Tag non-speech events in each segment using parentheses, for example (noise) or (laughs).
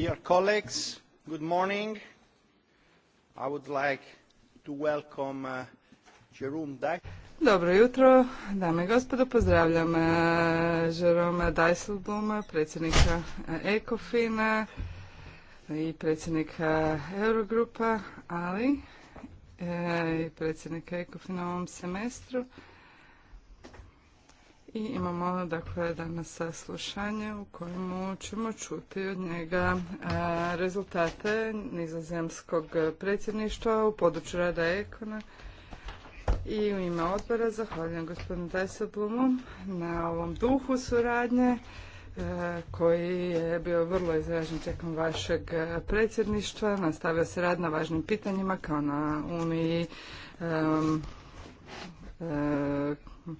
Dear colleagues, good morning. I would like to welcome uh, Dobro jutro, dame i gospodo, pozdravljam uh, Jerome predsjednika uh, Ekofina i predsjednika Eurogrupa, ali i predsjednika Ekofina u ovom semestru. I imamo dakle danas saslušanje u kojemu ćemo čuti od njega e, rezultate nizozemskog predsjedništva u području rada Ekona. I u ime odbora zahvaljujem gospodinu Dajsoblumu na ovom duhu suradnje e, koji je bio vrlo izražen tijekom vašeg predsjedništva. Nastavio se rad na važnim pitanjima kao na Uniji e,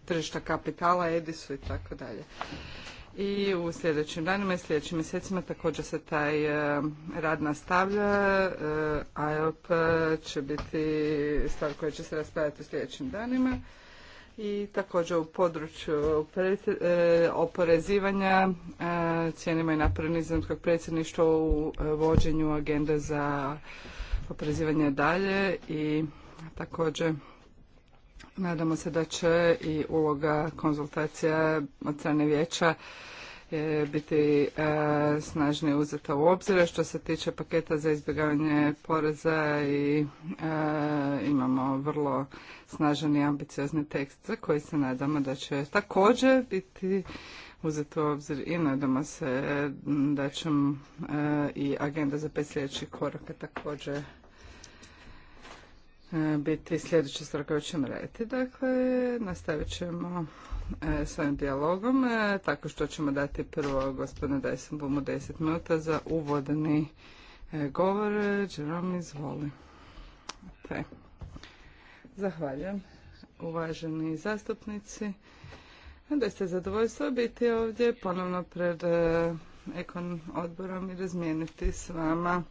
tržišta kapitala, Edisu i tako dalje. I u sljedećim danima i sljedećim mjesecima također se taj e, rad nastavlja. IOP e, će biti stvar koja će se raspravljati u sljedećim danima. I također u području e, oporezivanja cijenima i napravljena kako predsjedništva u vođenju agende za oporezivanje dalje i također Nadamo se da će i uloga konzultacija od strane vijeća e, biti e, snažnije uzeta u obzir. Što se tiče paketa za izbjegavanje poreza i e, imamo vrlo snažan i ambiciozni tekst za koji se nadamo da će također biti uzet u obzir i nadamo se da će i agenda za pet sljedećih također biti sljedeća stvar koju ćemo raditi. Dakle, nastavit ćemo e, s ovim dijalogom e, tako što ćemo dati prvo gospodinu Dajsenbomu 10 minuta za uvodni e, govor. Jerome, izvoli. Zahvaljujem. Uvaženi zastupnici, da ste zadovoljstvo biti ovdje ponovno pred Ekon odborom i razmijeniti s vama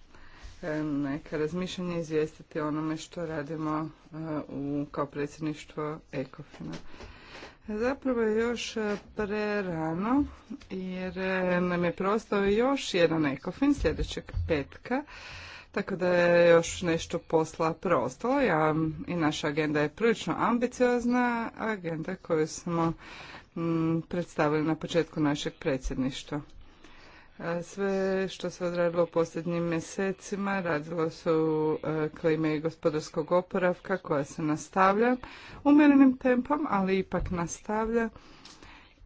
neka razmišljanja izvijestiti onome što radimo e, u, kao predsjedništvo Ekofina. Zapravo je još e, prerano jer e, nam je prostao još jedan Ekofin sljedećeg petka. Tako da je još nešto posla preostalo. Ja, I naša agenda je prilično ambiciozna agenda koju smo predstavili na početku našeg predsjedništva. Sve što se odradilo u posljednjim mjesecima radilo se u e, klime i gospodarskog oporavka koja se nastavlja umjerenim tempom, ali ipak nastavlja.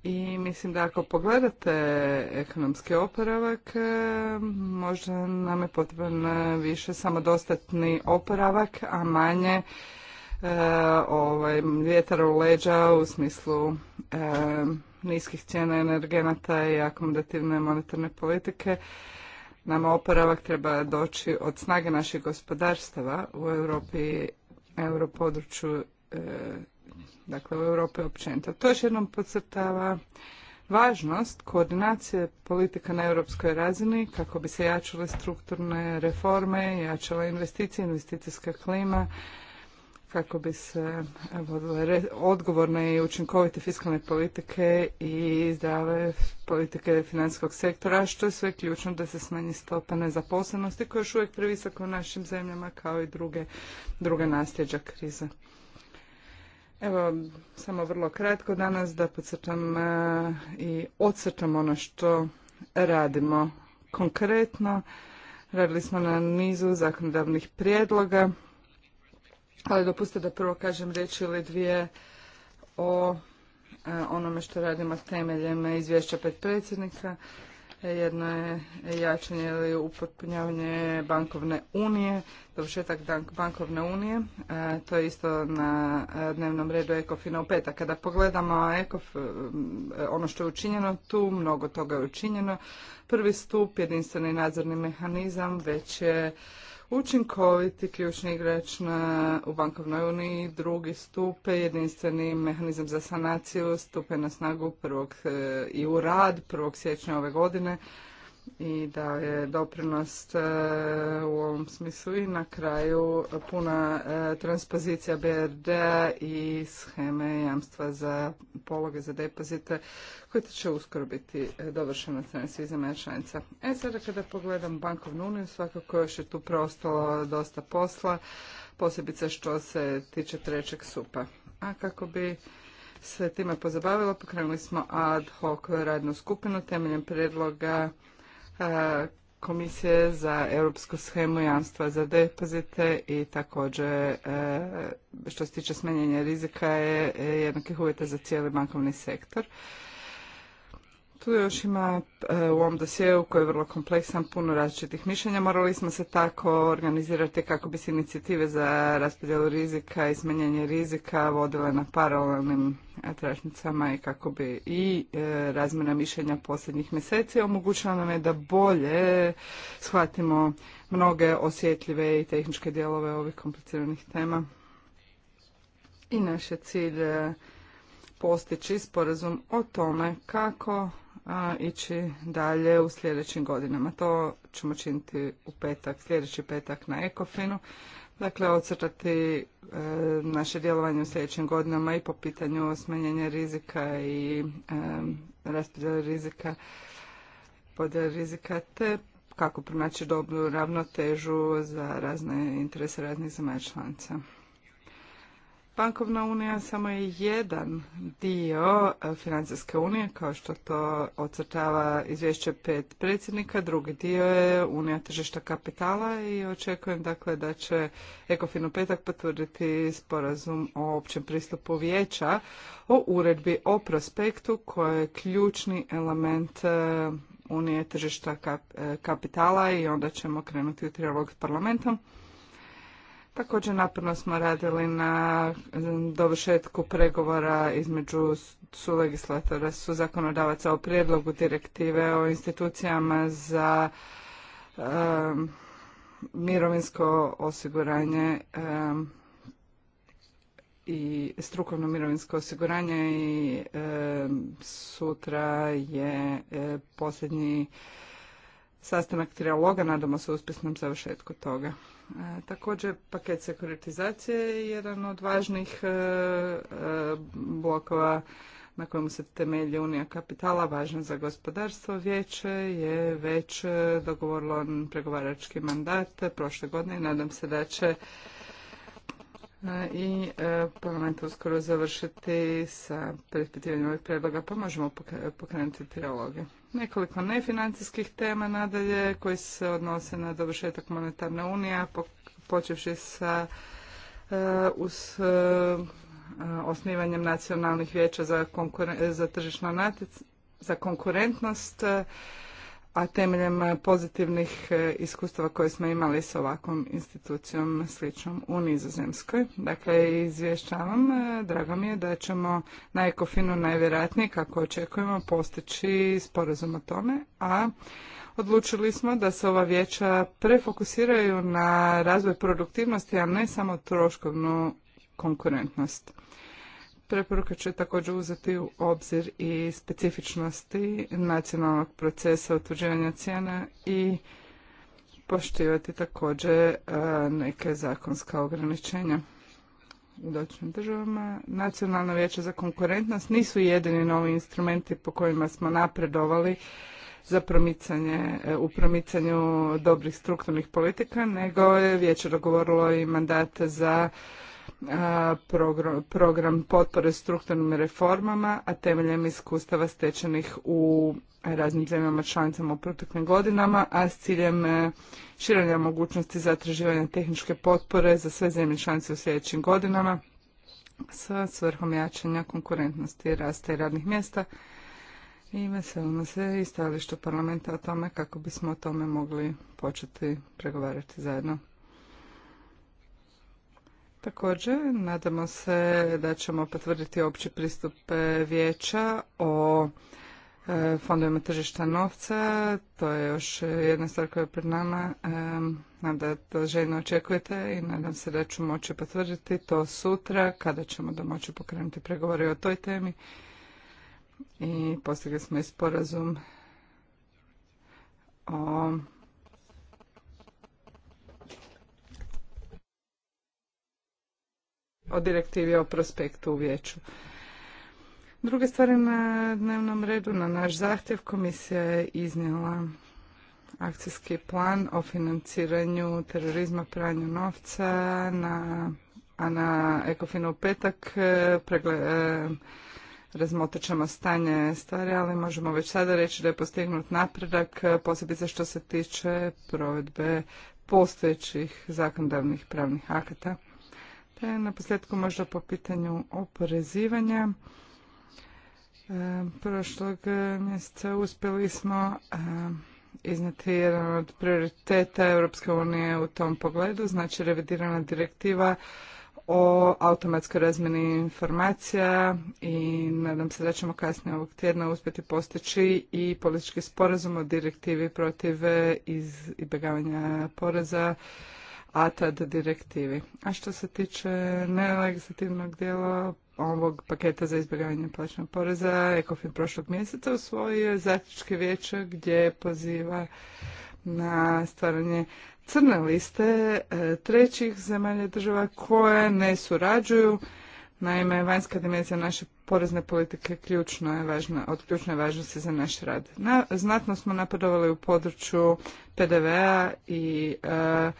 I mislim da ako pogledate ekonomski oporavak, e, možda nam je potreban više samodostatni oporavak, a manje e, ovaj, vjetar u leđa u smislu niskih cijena energenata i akomodativne monetarne politike, nama oporavak treba doći od snage naših gospodarstava u Europi, europodručju, e, dakle u Europi općenito. To još jednom podcrtava važnost koordinacije politika na europskoj razini kako bi se jačale strukturne reforme, jačala investicije, investicijska klima, kako bi se vodile odgovorne i učinkovite fiskalne politike i zdrave politike financijskog sektora, što je sve ključno da se smanji stopa nezaposlenosti koja je još uvijek previsoka u našim zemljama kao i druge, druga nasljeđa krize. Evo, samo vrlo kratko danas da podcrtam eh, i ocrtam ono što radimo konkretno. Radili smo na nizu zakonodavnih prijedloga ali dopustite da prvo kažem reći ili dvije o e, onome što radimo temeljem izvješća pet predsjednika. E, jedno je jačanje ili upotpunjavanje bankovne unije, dovršetak bankovne unije. E, to je isto na dnevnom redu Ekofina u petak Kada pogledamo ono što je učinjeno tu, mnogo toga je učinjeno. Prvi stup, jedinstveni nadzorni mehanizam, već je učinkoviti ključni igrač na, u bankovnoj uniji, drugi stup, jedinstveni mehanizam za sanaciju stupe na snagu prvog e, i u rad 1. siječnja ove godine i dao je doprinos e, u ovom smislu i na kraju puna e, transpozicija brd i scheme jamstva za pologe za depozite koje će uskoro biti e, dovršena od strane članica. E sada kada pogledam bankovnu uniju, svakako još je tu preostalo dosta posla, posebice što se tiče trećeg supa. A kako bi se time pozabavilo, pokrenuli smo ad hoc radnu skupinu temeljem predloga E, komisije za europsku schemu jamstva za depozite i također e, što se tiče smanjenja rizika je e, jednakih uvjeta za cijeli bankovni sektor. Tu još ima e, u ovom dosjeu koji je vrlo kompleksan, puno različitih mišljenja. Morali smo se tako organizirati kako bi se inicijative za raspodjelu rizika i smanjenje rizika vodile na paralelnim e, tražnicama i kako bi i e, razmjena mišljenja posljednjih mjeseci omogućila nam je da bolje shvatimo mnoge osjetljive i tehničke dijelove ovih kompliciranih tema. I naš je cilj postići sporazum o tome kako a, ići dalje u sljedećim godinama. To ćemo činiti u petak, sljedeći petak na Ekofinu. Dakle, ocrtati e, naše djelovanje u sljedećim godinama i po pitanju smanjenja rizika i e, raspodjela rizika, podjela rizika, te kako pronaći dobru ravnotežu za razne interese raznih zemalja članica. Bankovna unija samo je jedan dio e, financijske unije, kao što to ocrtava izvješće pet predsjednika. Drugi dio je unija tržišta kapitala i očekujem dakle da će Ekofin petak potvrditi sporazum o općem pristupu vijeća o uredbi o prospektu koja je ključni element e, unije tržišta e, kapitala i onda ćemo krenuti u trilog s parlamentom. Također naporno smo radili na dovršetku pregovora između su legislatora, su zakonodavaca o prijedlogu direktive o institucijama za mirovinsko osiguranje i strukovno mirovinsko osiguranje i sutra je e, posljednji sastanak trijaloga, nadamo se uspješnom završetku toga. E, također paket sekuritizacije je jedan od važnih e, e, blokova na kojemu se temelji Unija kapitala, važan za gospodarstvo. Vijeće je već dogovorilo pregovarački mandat prošle godine i nadam se da će E, i e, parlament uskoro završiti sa preispitivanjem ovih predloga, pa možemo pokrenuti trialoge. Nekoliko nefinancijskih tema nadalje koji se odnose na dovršetak monetarne unije, počevši sa e, osnivanjem nacionalnih vijeća za, za tržišno za konkurentnost, a temeljem pozitivnih e, iskustava koje smo imali s ovakvom institucijom sličnom u Nizozemskoj. Dakle, izvješćavam, e, drago mi je da ćemo na Ekofinu najvjerojatnije, kako očekujemo, postići sporazum o tome, a odlučili smo da se ova vijeća prefokusiraju na razvoj produktivnosti, a ne samo troškovnu konkurentnost. Preporuka će također uzeti u obzir i specifičnosti nacionalnog procesa utvrđivanja cijena i poštivati također e, neke zakonska ograničenja u doćnim državama. Nacionalna vijeće za konkurentnost nisu jedini novi instrumenti po kojima smo napredovali za promicanje, e, u promicanju dobrih strukturnih politika, nego je vijeće dogovorilo i mandate za program potpore strukturnim reformama, a temeljem iskustava stečenih u raznim zemljama članicama u proteklim godinama, a s ciljem e, širenja mogućnosti zatraživanja tehničke potpore za sve zemlje članice u sljedećim godinama sa svrhom jačanja konkurentnosti rasta i radnih mjesta i veselimo se i stajalištu parlamenta o tome kako bismo o tome mogli početi pregovarati zajedno. Također, nadamo se da ćemo potvrditi opći pristup e, vijeća o e, fondovima tržišta novca. To je još jedna stvar koja je pred nama. E, nadam da to željno očekujete i nadam se da ću moći potvrditi to sutra kada ćemo da moći pokrenuti pregovore o toj temi. I postigli smo i sporazum o o direktivi o prospektu u vijeću. Druge stvari na dnevnom redu, na naš zahtjev, komisija je iznijela akcijski plan o financiranju terorizma, pranju novca, na, a na Ekofinu u petak e, e, razmotrit ćemo stanje stvari, ali možemo već sada reći da je postignut napredak, e, posebice što se tiče provedbe postojećih zakonodavnih pravnih akata. E, na posljedku možda po pitanju oporezivanja. E, prošlog e, mjeseca uspjeli smo e, jedan od prioriteta Europske unije u tom pogledu, znači revidirana direktiva o automatskoj razmjeni informacija i nadam se da ćemo kasnije ovog tjedna uspjeti postići i politički sporazum o direktivi protiv izbjegavanja poreza ATAD direktivi. A što se tiče nelegislativnog dijela ovog paketa za izbjegavanje plaćanja poreza, ECOFIN prošlog mjeseca usvojio je zaključke vijeća gdje poziva na stvaranje crne liste e, trećih zemalja država koje ne surađuju. Naime, vanjska dimenzija naše porezne politike ključno je važna, od ključne važnosti za naš rad. znatno smo napredovali u području PDV-a i e,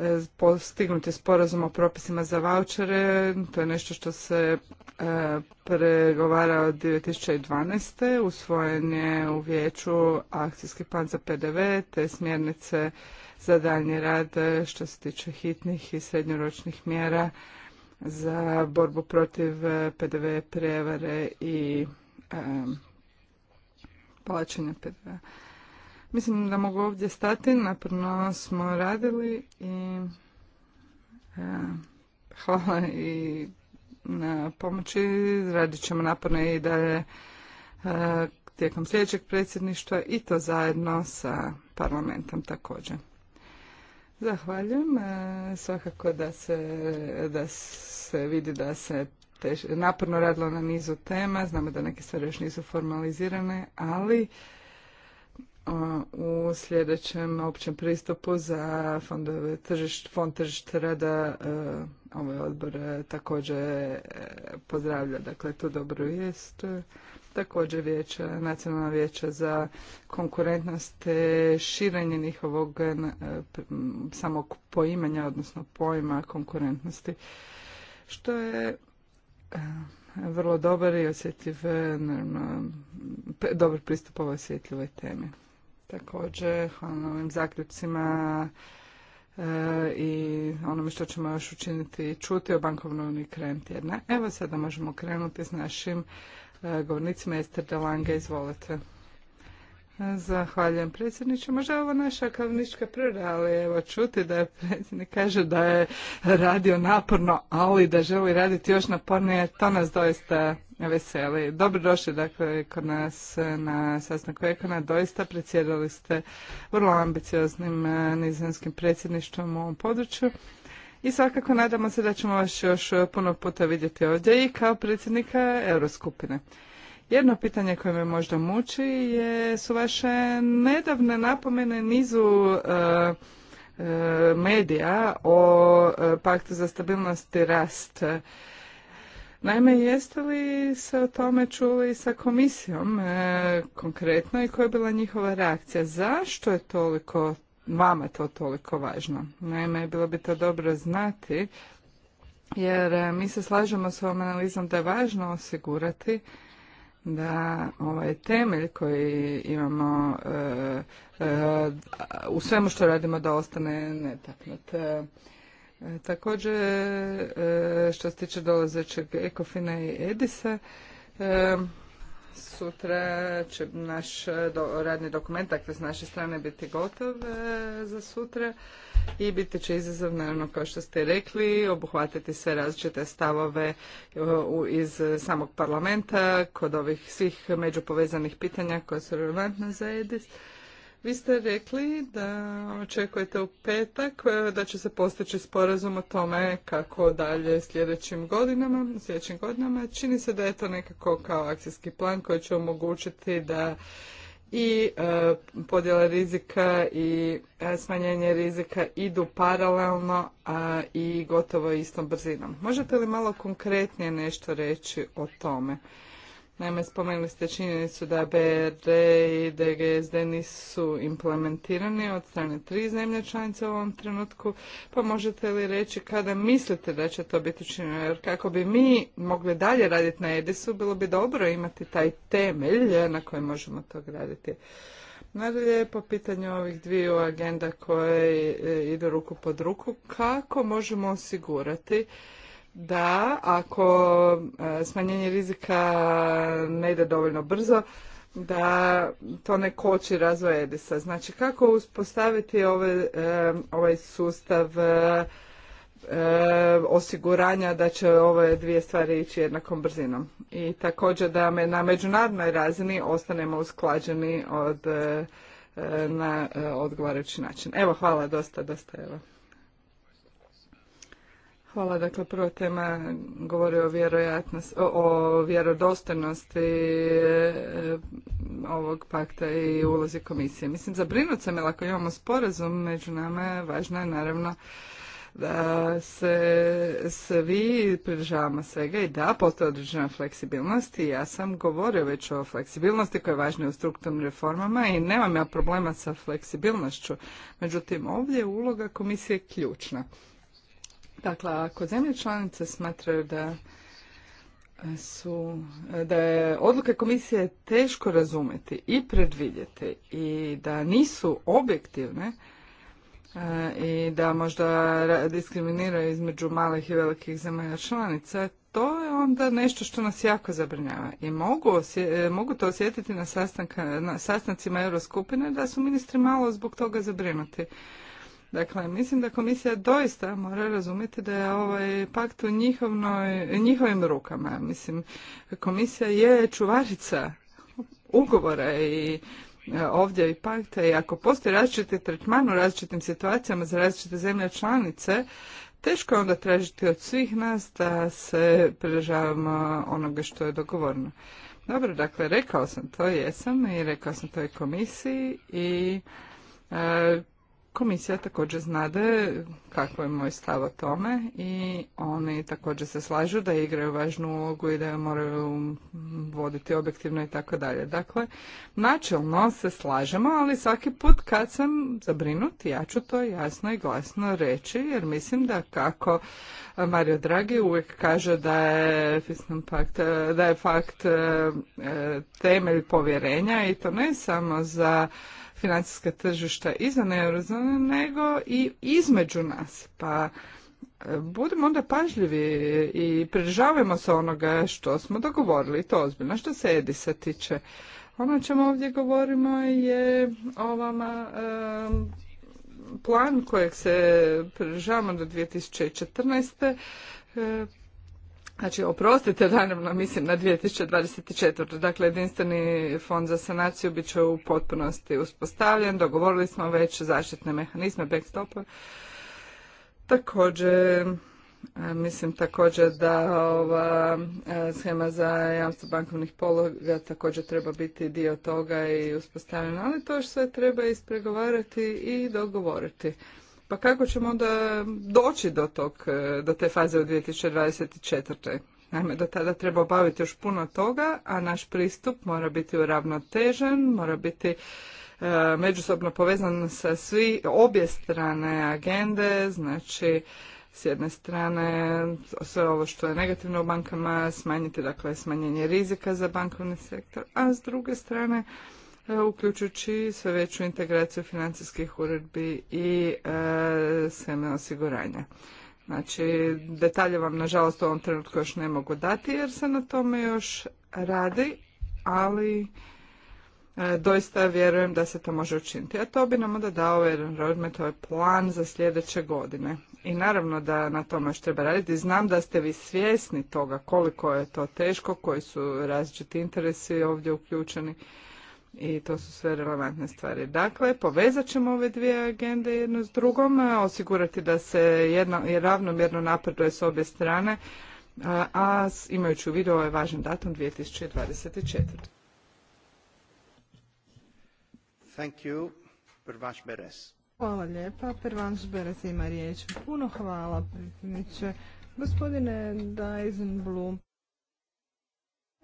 E, postignuti sporazum o propisima za vouchere, to je nešto što se e, pregovara od 2012. Usvojen je u vijeću akcijski plan za PDV te smjernice za daljnji rad e, što se tiče hitnih i srednjoročnih mjera za borbu protiv PDV prevare i plaćanja PDV. -a. Mislim da mogu ovdje stati, naprno smo radili i e, hvala i na pomoći. Radit ćemo naporno i da je tijekom sljedećeg predsjedništva i to zajedno sa parlamentom također. Zahvaljujem. E, svakako da se, da se vidi da se naporno radilo na nizu tema. Znamo da neke stvari još nisu formalizirane, ali u sljedećem općem pristupu za fondove tržišt, fond tržišta rada e, ovaj odbor e, također e, pozdravlja dakle tu dobro jest. također vijeća, nacionalna vijeća za konkurentnost te širenje njihovog samog poimanja odnosno pojma konkurentnosti što je vrlo dobar i osjetljiv, naravno, dobar pristup ovoj osjetljivoj temi. Također, hvala na ovim zaključcima e, i onome što ćemo još učiniti čuti o bankovnoj uniji krajem tjedna. Evo sada možemo krenuti s našim e, govornicima. Ester izvolite. Zahvaljujem predsjedniče. Možda ovo naša kavnička priroda, ali evo čuti da je predsjednik kaže da je radio naporno, ali da želi raditi još napornije, to nas doista veseli. Dobro došli dakle kod nas na sastanku Ekona. Doista predsjedali ste vrlo ambicioznim e, nizemskim predsjedništvom u ovom području. I svakako nadamo se da ćemo vas još puno puta vidjeti ovdje i kao predsjednika Euroskupine. Jedno pitanje koje me možda muči je, su vaše nedavne napomene nizu e, e, medija o paktu za stabilnost i rast Naime, jeste li se o tome čuli sa komisijom e, konkretno i koja je bila njihova reakcija? Zašto je toliko vama to toliko važno? Naime, bilo bi to dobro znati jer e, mi se slažemo s ovom analizom da je važno osigurati da ovaj temelj koji imamo e, u svemu što radimo da ostane netaknut. Također, e, što se tiče dolazećeg Ekofina i Edisa, e, sutra će naš radni dokument, dakle s naše strane, biti gotov e, za sutra i biti će izazov, naravno, kao što ste rekli, obuhvatiti sve različite stavove iz samog parlamenta kod ovih svih međupovezanih pitanja koja su relevantna za Edis vi ste rekli da očekujete u petak e, da će se postići sporazum o tome kako dalje sljedećim godinama, sljedećim godinama. Čini se da je to nekako kao akcijski plan koji će omogućiti da i e, podjela rizika i e, smanjenje rizika idu paralelno a i gotovo istom brzinom. Možete li malo konkretnije nešto reći o tome? Naime, spomenuli ste činjenicu da BRD i DGSD nisu implementirani od strane tri zemlje članice u ovom trenutku, pa možete li reći kada mislite da će to biti učinjeno? Jer kako bi mi mogli dalje raditi na EDIS-u, bilo bi dobro imati taj temelj na kojem možemo to graditi. Nadalje, po pitanju ovih dviju agenda koje e, idu ruku pod ruku, kako možemo osigurati da ako e, smanjenje rizika ne ide dovoljno brzo, da to ne koči razvoj Edisa. Znači kako uspostaviti e, ovaj sustav e, osiguranja da će ove dvije stvari ići jednakom brzinom. I također da me na međunarodnoj razini ostanemo usklađeni od, na odgovarajući način. Evo, hvala dosta, dosta, evo. Hvala. Dakle, prva tema govori o, vjerojatnost, o vjerodostojnosti e, ovog pakta i ulozi komisije. Mislim, zabrinut sam, jer ako imamo sporazum među nama, važno je naravno da se svi pridržavamo svega i da, postoje određena fleksibilnost i ja sam govorio već o fleksibilnosti koja je važna u strukturnim reformama i nemam ja problema sa fleksibilnošću. Međutim, ovdje je uloga komisije ključna. Dakle, ako zemlje članice smatraju da su, da je odluke komisije teško razumjeti i predvidjeti i da nisu objektivne e, i da možda diskriminiraju između malih i velikih zemalja članica, to je onda nešto što nas jako zabrinjava. I mogu, e, mogu to osjetiti na, sastancima na sastancima Euroskupine da su ministri malo zbog toga zabrinuti. Dakle, mislim da komisija doista mora razumjeti da je ovaj pakt u njihovnoj, njihovim rukama. Mislim, komisija je čuvarica ugovora i e, ovdje i pakta i ako postoji različiti tretman u različitim situacijama za različite zemlje članice, teško je onda tražiti od svih nas da se pridržavamo onoga što je dogovorno. Dobro, dakle, rekao sam to, jesam i rekao sam to i komisiji i e, Komisija također znade kako je moj stav o tome i oni također se slažu da igraju važnu ulogu i da je moraju voditi objektivno i tako dalje. Dakle, načelno se slažemo, ali svaki put kad sam zabrinut, ja ću to jasno i glasno reći, jer mislim da kako Mario Draghi uvijek kaže da je fakt, da je fakt e, temelj povjerenja i to ne samo za financijska tržišta izvan eurozone, nego i između nas. Pa e, budemo onda pažljivi i pridržavajmo se onoga što smo dogovorili, to ozbiljno. Što se Edisa tiče, ono o čemu ovdje govorimo je ovama e, plan kojeg se pridržavamo do 2014. Znači, oprostite, naravno, mislim na 2024. Dakle, jedinstveni fond za sanaciju bit će u potpunosti uspostavljen. Dogovorili smo već zaštitne mehanizme, backstopa. Također, e, mislim također da ova e, schema za jamstvo bankovnih pologa također treba biti dio toga i uspostavljena, ali to sve treba ispregovarati i dogovoriti. Pa kako ćemo onda doći do, tog, e, do te faze u 2024. Naime, do tada treba obaviti još puno toga, a naš pristup mora biti uravnotežen, mora biti e, međusobno povezan sa svi obje strane agende, znači s jedne strane sve ovo što je negativno u bankama, smanjiti dakle smanjenje rizika za bankovni sektor, a s druge strane E, uključujući sve veću integraciju financijskih uredbi i e, seme osiguranja. Znači, detalje vam nažalost u ovom trenutku još ne mogu dati jer se na tome još radi, ali e, doista vjerujem da se to može učiniti. A to bi nam onda dao jedan roadmap, ovaj plan za sljedeće godine. I naravno da na tome još treba raditi. Znam da ste vi svjesni toga koliko je to teško, koji su različiti interesi ovdje uključeni i to su sve relevantne stvari. Dakle, povezat ćemo ove dvije agende jedno s drugom, osigurati da se jedno, ravnomjerno napreduje s obje strane, a, a imajući u vidu ovaj važan datum 2024. Thank you. Beres. Hvala lijepa. Pervanš Beres ima riječ. Puno hvala, predsjedniče. Gospodine Dijsenblum,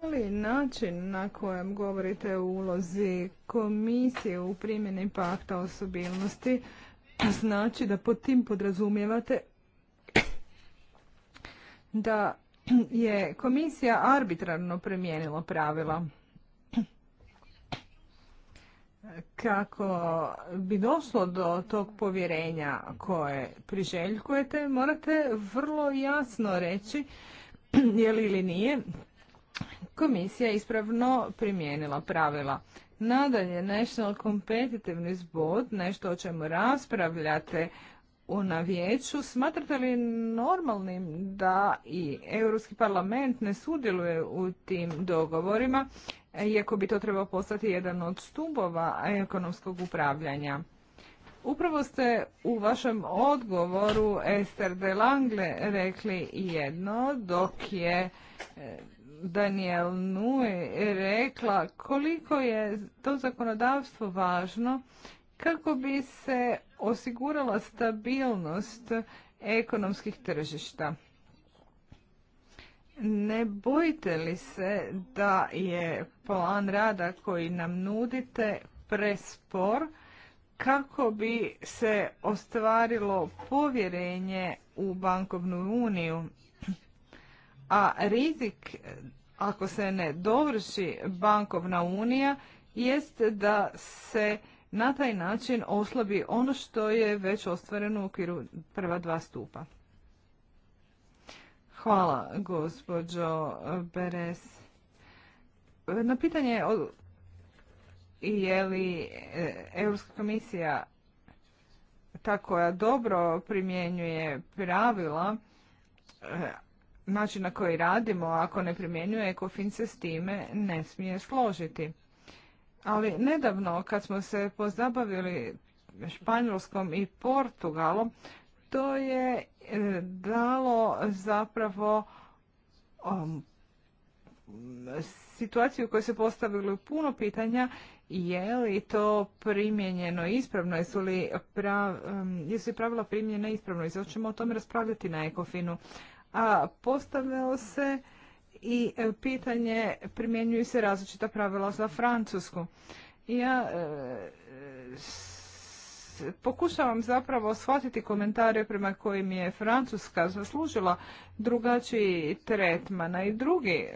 li način na kojem govorite o ulozi komisije u primjeni pakta osobilnosti znači da pod tim podrazumijevate da je komisija arbitrarno premijenila pravila kako bi došlo do tog povjerenja koje priželjkujete morate vrlo jasno reći je li ili nije komisija ispravno primijenila pravila. Nadalje, National Competitiveness Board, nešto o čemu raspravljate u na vijeću, smatrate li normalnim da i Europski parlament ne sudjeluje u tim dogovorima, iako bi to trebao postati jedan od stubova ekonomskog upravljanja? Upravo ste u vašem odgovoru Ester de Langle rekli jedno, dok je Daniel Nui rekla koliko je to zakonodavstvo važno kako bi se osigurala stabilnost ekonomskih tržišta. Ne bojite li se da je plan rada koji nam nudite prespor kako bi se ostvarilo povjerenje u bankovnu uniju a rizik ako se ne dovrši bankovna unija jest da se na taj način oslabi ono što je već ostvareno u okviru prva dva stupa. Hvala, gospođo Beres. Na pitanje je li e, Europska komisija ta koja dobro primjenjuje pravila, e, način na koji radimo, ako ne primjenjuje, ECOFIN se s time ne smije složiti. Ali nedavno kad smo se pozabavili Španjolskom i Portugalom, to je e, dalo zapravo um, situaciju u kojoj se postavili puno pitanja je li to primjenjeno ispravno, jesu li, um, pravila primjene ispravno i sad ćemo o tome raspravljati na Ekofinu a postavljao se i e, pitanje primjenjuju se različita pravila za Francusku. Ja e, pokušavam zapravo shvatiti komentare prema kojim je Francuska zaslužila drugačiji tretman, i drugi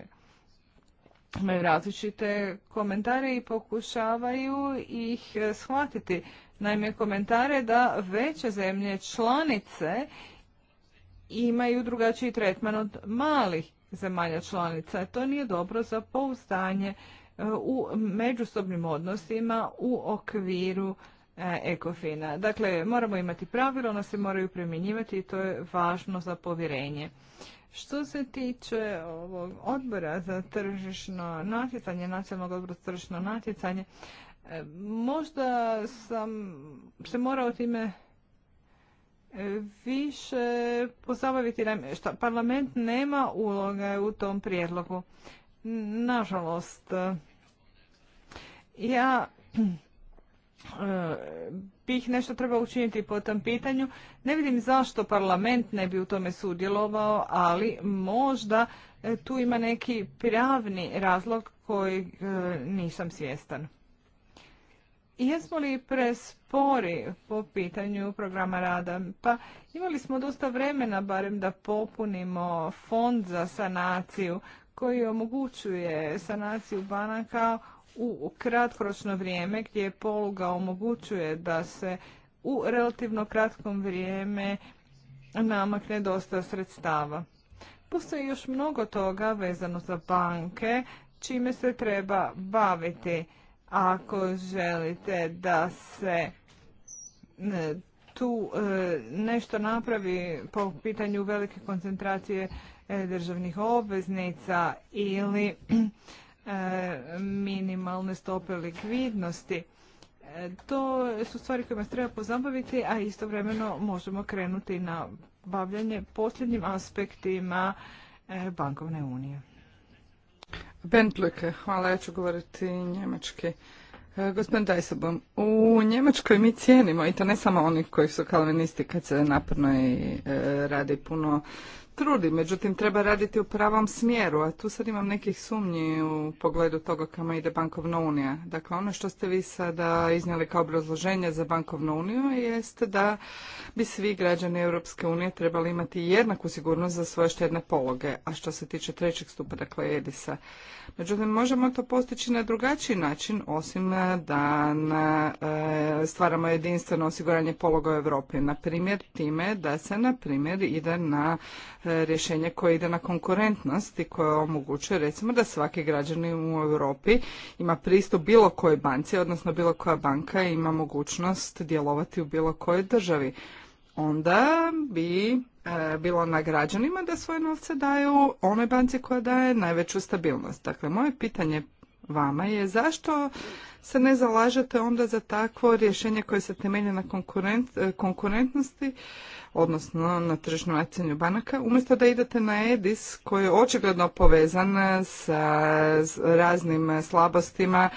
imaju različite komentare i pokušavaju ih e, shvatiti. Naime, komentare da veće zemlje članice imaju drugačiji tretman od malih zemalja članica. To nije dobro za pouzdanje e, u međusobnim odnosima u okviru e, ekofina. Dakle, moramo imati pravila, ona se moraju primjenjivati i to je važno za povjerenje. Što se tiče ovog odbora za tržišno natjecanje, nacionalnog odbora za tržišno natjecanje, e, možda sam se morao time više pozabaviti nam što parlament nema uloga u tom prijedlogu. Nažalost, ja eh, bih nešto trebao učiniti po tom pitanju. Ne vidim zašto parlament ne bi u tome sudjelovao, ali možda eh, tu ima neki pravni razlog koji eh, nisam svjestan. Jesmo li prespori po pitanju programa rada? Pa imali smo dosta vremena barem da popunimo fond za sanaciju koji omogućuje sanaciju banaka u kratkoročno vrijeme gdje poluga omogućuje da se u relativno kratkom vrijeme namakne dosta sredstava. Postoji još mnogo toga vezano za banke čime se treba baviti ako želite da se e, tu e, nešto napravi po pitanju velike koncentracije e, državnih obveznica ili minimalne stope likvidnosti. To su stvari kojima se treba pozabaviti, a istovremeno možemo krenuti na bavljanje posljednjim aspektima bankovne unije. Bentluke, hvala, ja ću govoriti njemački. E, gospodin Dajsobom, u Njemačkoj mi cijenimo, i to ne samo oni koji su kalvinisti kad se naporno i e, radi puno trudi, međutim treba raditi u pravom smjeru, a tu sad imam nekih sumnji u pogledu toga kama ide bankovna unija. Dakle, ono što ste vi sada iznijeli kao obrazloženje za bankovnu uniju jest da bi svi građani Europske unije trebali imati jednaku sigurnost za svoje štedne pologe, a što se tiče trećeg stupa, dakle Edisa. Međutim, možemo to postići na drugačiji način, osim da e, stvaramo jedinstveno osiguranje pologa u Europi. Na primjer, time da se, na primjer, ide na rješenje koje ide na konkurentnost i koje omogućuje recimo da svaki građanin u Europi ima pristup bilo kojoj banci, odnosno bilo koja banka ima mogućnost djelovati u bilo kojoj državi. Onda bi e, bilo na građanima da svoje novce daju onoj banci koja daje najveću stabilnost. Dakle, moje pitanje vama je zašto se ne zalažete onda za takvo rješenje koje se temelji na e, konkurentnosti odnosno na tržišnu natjecanju banaka, umjesto da idete na EDIS koji je očigledno povezan sa raznim slabostima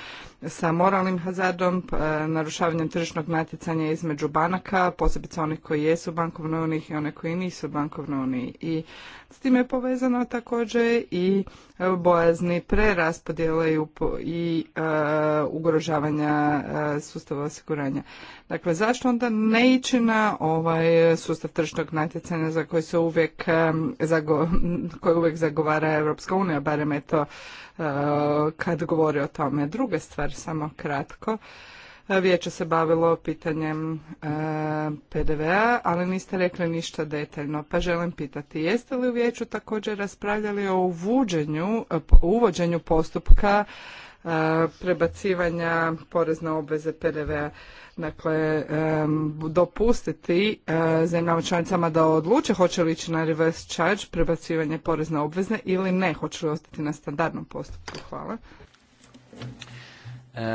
sa moralnim hazardom, narušavanjem tržišnog natjecanja između banaka, posebice onih koji jesu bankovno uniji i one koji nisu bankovno uniji. I s time je povezano također i e, bojazni preraspodjele i, e, ugrožavanja e, sustava osiguranja. Dakle, zašto onda ne ići na ovaj sustav tržišnog natjecanja za koji se uvijek, (laughs) uvijek zagovara Europska unija, barem je to E, kad govori o tome. Druga stvar, samo kratko. E, vijeće se bavilo pitanjem e, PDV-a, ali niste rekli ništa detaljno. Pa želim pitati, jeste li u vijeću također raspravljali o uvođenju, uvođenju postupka prebacivanja porezne obveze PDV-a. Dakle, dopustiti e, zemljama članicama da odluče hoće li ići na reverse charge prebacivanje porezne obveze ili ne, hoće li ostati na standardnom postupku. Hvala.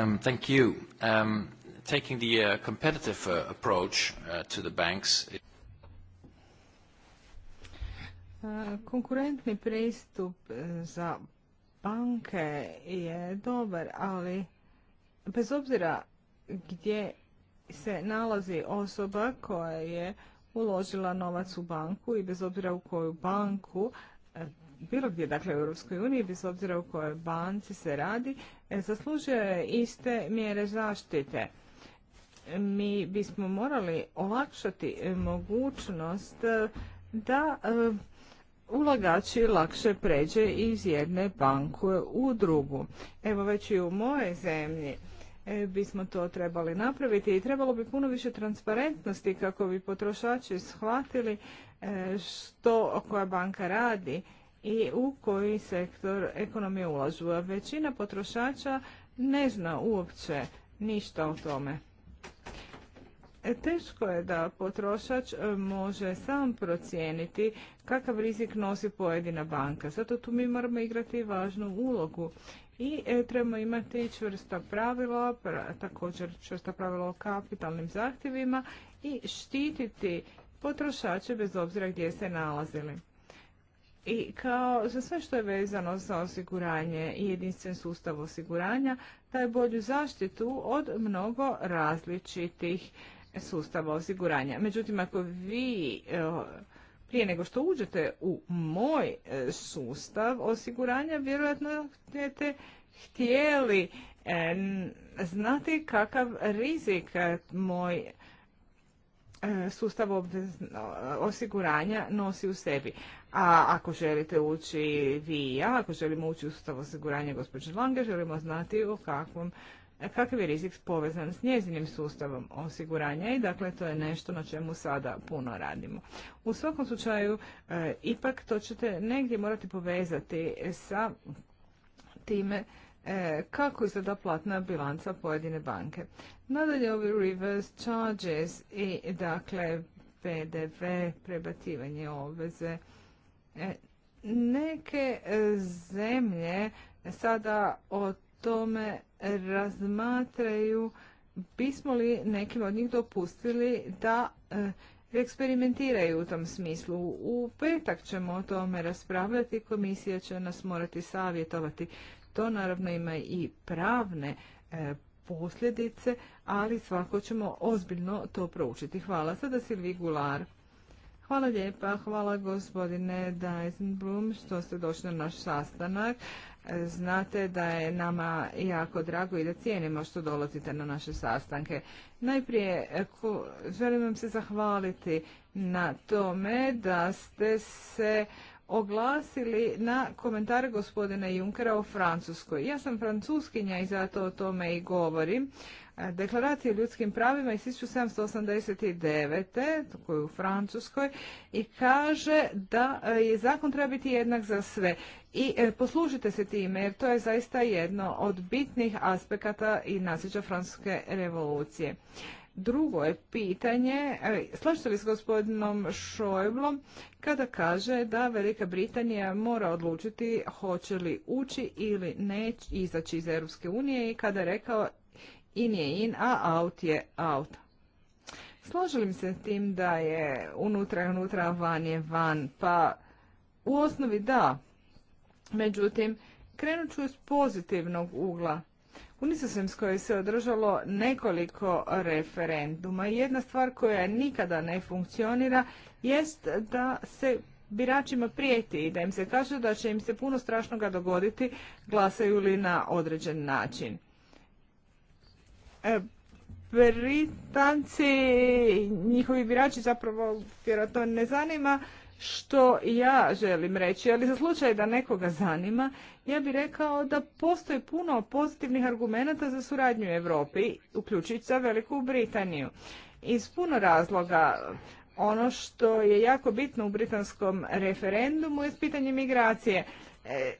Um, thank you. Um, taking the uh, competitive uh, approach uh, to the banks. E, konkurentni pristup e, za banke je dobar, ali bez obzira gdje se nalazi osoba koja je uložila novac u banku i bez obzira u koju banku, e, bilo gdje dakle u Europskoj uniji, bez obzira u kojoj banci se radi, e, zaslužuje iste mjere zaštite. Mi bismo morali olakšati mogućnost e, da ulagači lakše pređe iz jedne banke u drugu. Evo već i u moje zemlji e, bismo to trebali napraviti i trebalo bi puno više transparentnosti kako bi potrošači shvatili e, što koja banka radi i u koji sektor ekonomije ulažu. većina potrošača ne zna uopće ništa o tome. E, teško je da potrošač e, može sam procijeniti kakav rizik nosi pojedina banka. Zato tu mi moramo igrati važnu ulogu i e, trebamo imati čvrsta pravila, također čvrsta pravila o kapitalnim zahtjevima i štititi potrošače bez obzira gdje se nalazili. I kao za sve što je vezano za osiguranje i jedinstven sustav osiguranja, taj bolju zaštitu od mnogo različitih sustava osiguranja. Međutim, ako vi e, prije nego što uđete u moj e, sustav osiguranja, vjerojatno ćete htjeli e, znati kakav rizik moj sustav osiguranja nosi u sebi. A ako želite ući vi i ja, ako želimo ući u sustav osiguranja gospođe Lange, želimo znati o kakvom kakav je rizik povezan s njezinim sustavom osiguranja i dakle to je nešto na čemu sada puno radimo. U svakom slučaju e, ipak to ćete negdje morati povezati sa time e, kako izgleda platna bilanca pojedine banke. Nadalje ovi reverse charges i dakle PDV, prebacivanje obveze. E, neke zemlje sada od tome razmatraju bismo li nekim od njih dopustili da eh, eksperimentiraju u tom smislu. U petak ćemo o tome raspravljati, komisija će nas morati savjetovati. To naravno ima i pravne eh, posljedice, ali svako ćemo ozbiljno to proučiti. Hvala. Sada Silvi Gular. Hvala lijepa, hvala gospodine Dijsenblum što ste došli na naš sastanak. Znate da je nama jako drago i da cijenimo što dolazite na naše sastanke. Najprije e, želim vam se zahvaliti na tome da ste se oglasili na komentare gospodina Junkera o Francuskoj. Ja sam francuskinja i zato o tome i govorim deklaracije o ljudskim pravima iz 1789. koju je u Francuskoj i kaže da e, je zakon treba biti jednak za sve. I e, poslužite se time jer to je zaista jedno od bitnih aspekata i nasjeća Francuske revolucije. Drugo je pitanje, e, slažete li s gospodinom Šojblom kada kaže da Velika Britanija mora odlučiti hoće li ući ili ne izaći iz Europske unije i kada je rekao in je in, a out je out. Složili se s tim da je unutra je unutra, van je van, pa u osnovi da. Međutim, krenut ću s pozitivnog ugla. U Nisosemskoj se održalo nekoliko referenduma. Jedna stvar koja nikada ne funkcionira jest da se biračima prijeti i da im se kaže da će im se puno strašnoga dogoditi glasaju li na određen način. E, Britanci, njihovi birači zapravo vjerojatno ne zanima što ja želim reći, ali za slučaj da nekoga zanima, ja bih rekao da postoji puno pozitivnih argumenata za suradnju u Europi, uključujući za Veliku Britaniju. Iz puno razloga ono što je jako bitno u britanskom referendumu je pitanje migracije. E,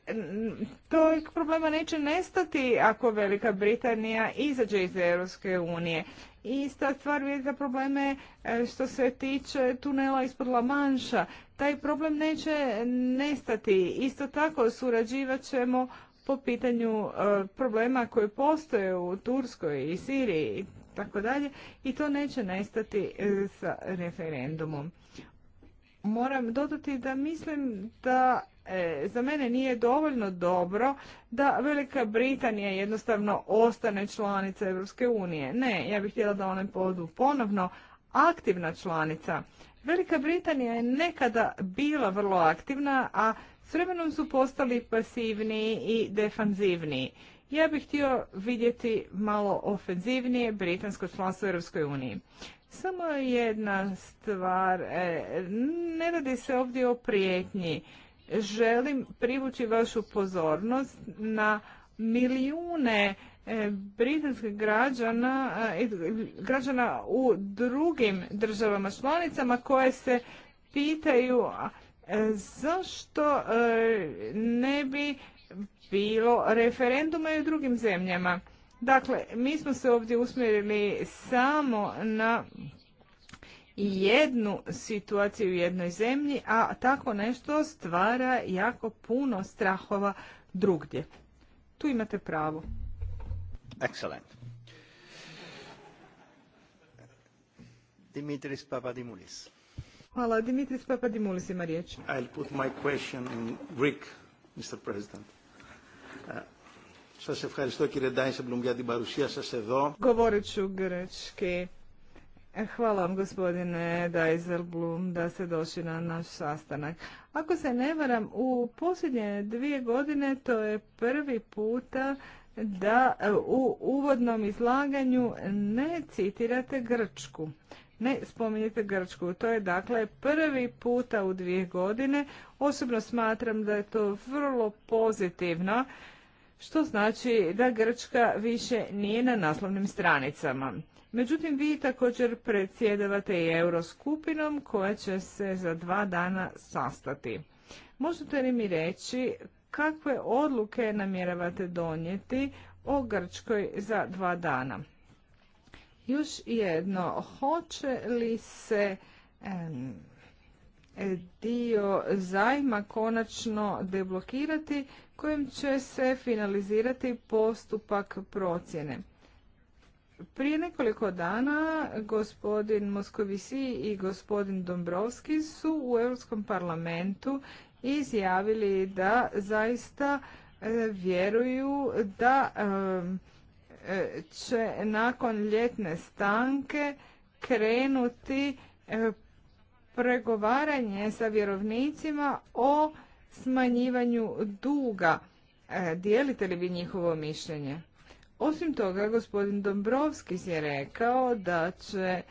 to problema neće nestati ako Velika Britanija izađe iz Europske unije. Ista stvar je za probleme e, što se tiče tunela ispod La Manša. Taj problem neće nestati. Isto tako surađivat ćemo po pitanju e, problema koji postoje u Turskoj i Siriji tako dalje i to neće nestati e, sa referendumom. Moram dodati da mislim da e, za mene nije dovoljno dobro da Velika Britanija jednostavno ostane članica Europske unije. Ne, ja bih htjela da one podu ponovno aktivna članica. Velika Britanija je nekada bila vrlo aktivna, a s vremenom su postali pasivniji i defanzivniji. Ja bih htio vidjeti malo ofenzivnije britansko članstvo u Europskoj uniji. Samo jedna stvar, e, ne radi se ovdje o prijetnji. Želim privući vašu pozornost na milijune e, britanskih građana, e, građana u drugim državama članicama koje se pitaju zašto ne bi bilo referenduma i u drugim zemljama. Dakle, mi smo se ovdje usmjerili samo na jednu situaciju u jednoj zemlji, a tako nešto stvara jako puno strahova drugdje. Tu imate pravo. Excellent. Dimitris Papadimulis. Hvala, Dimitris Papadimulis ima riječ. I'll put my question in Greek, Mr. President. Σας ευχαριστώ κύριε για την παρουσία ću Hvala vam gospodine Blum, da ste došli na naš sastanak. Ako se ne varam, u posljednje dvije godine to je prvi puta da e, u uvodnom izlaganju ne citirate Grčku. Ne spominjete Grčku. To je dakle prvi puta u dvije godine. Osobno smatram da je to vrlo pozitivno što znači da Grčka više nije na naslovnim stranicama. Međutim, vi također predsjedavate i Euroskupinom koja će se za dva dana sastati. Možete li mi reći kakve odluke namjeravate donijeti o Grčkoj za dva dana? Još jedno, hoće li se dio zajma konačno deblokirati kojim će se finalizirati postupak procjene. Prije nekoliko dana gospodin Moskovisi i gospodin Dombrovski su u Europskom parlamentu izjavili da zaista e, vjeruju da e, će nakon ljetne stanke krenuti e, pregovaranje sa vjerovnicima o smanjivanju duga. E, dijelite li vi njihovo mišljenje? Osim toga, gospodin Dombrovski je rekao da će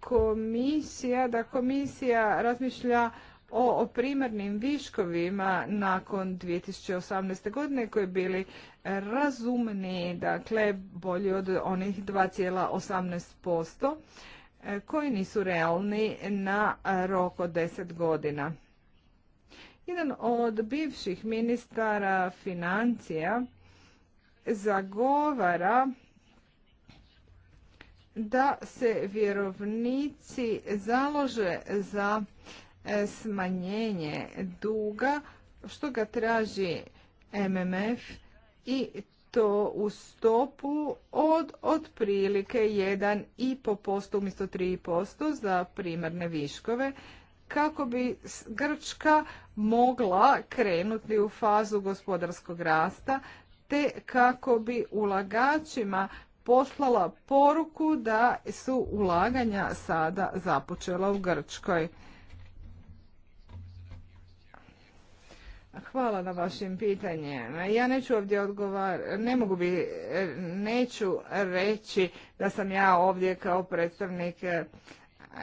komisija, da komisija razmišlja o primarnim viškovima nakon 2018. godine koji bili razumni, dakle bolji od onih 2,18% e, koji nisu realni na rok od 10 godina. Jedan od bivših ministara financija zagovara da se vjerovnici založe za e, smanjenje duga što ga traži MMF i to u stopu od otprilike 1,5% umjesto 3% za primarne viškove kako bi Grčka mogla krenuti u fazu gospodarskog rasta te kako bi ulagačima poslala poruku da su ulaganja sada započela u Grčkoj. Hvala na vašim pitanjima. Ja neću ovdje odgovar, ne mogu bi, neću reći da sam ja ovdje kao predstavnik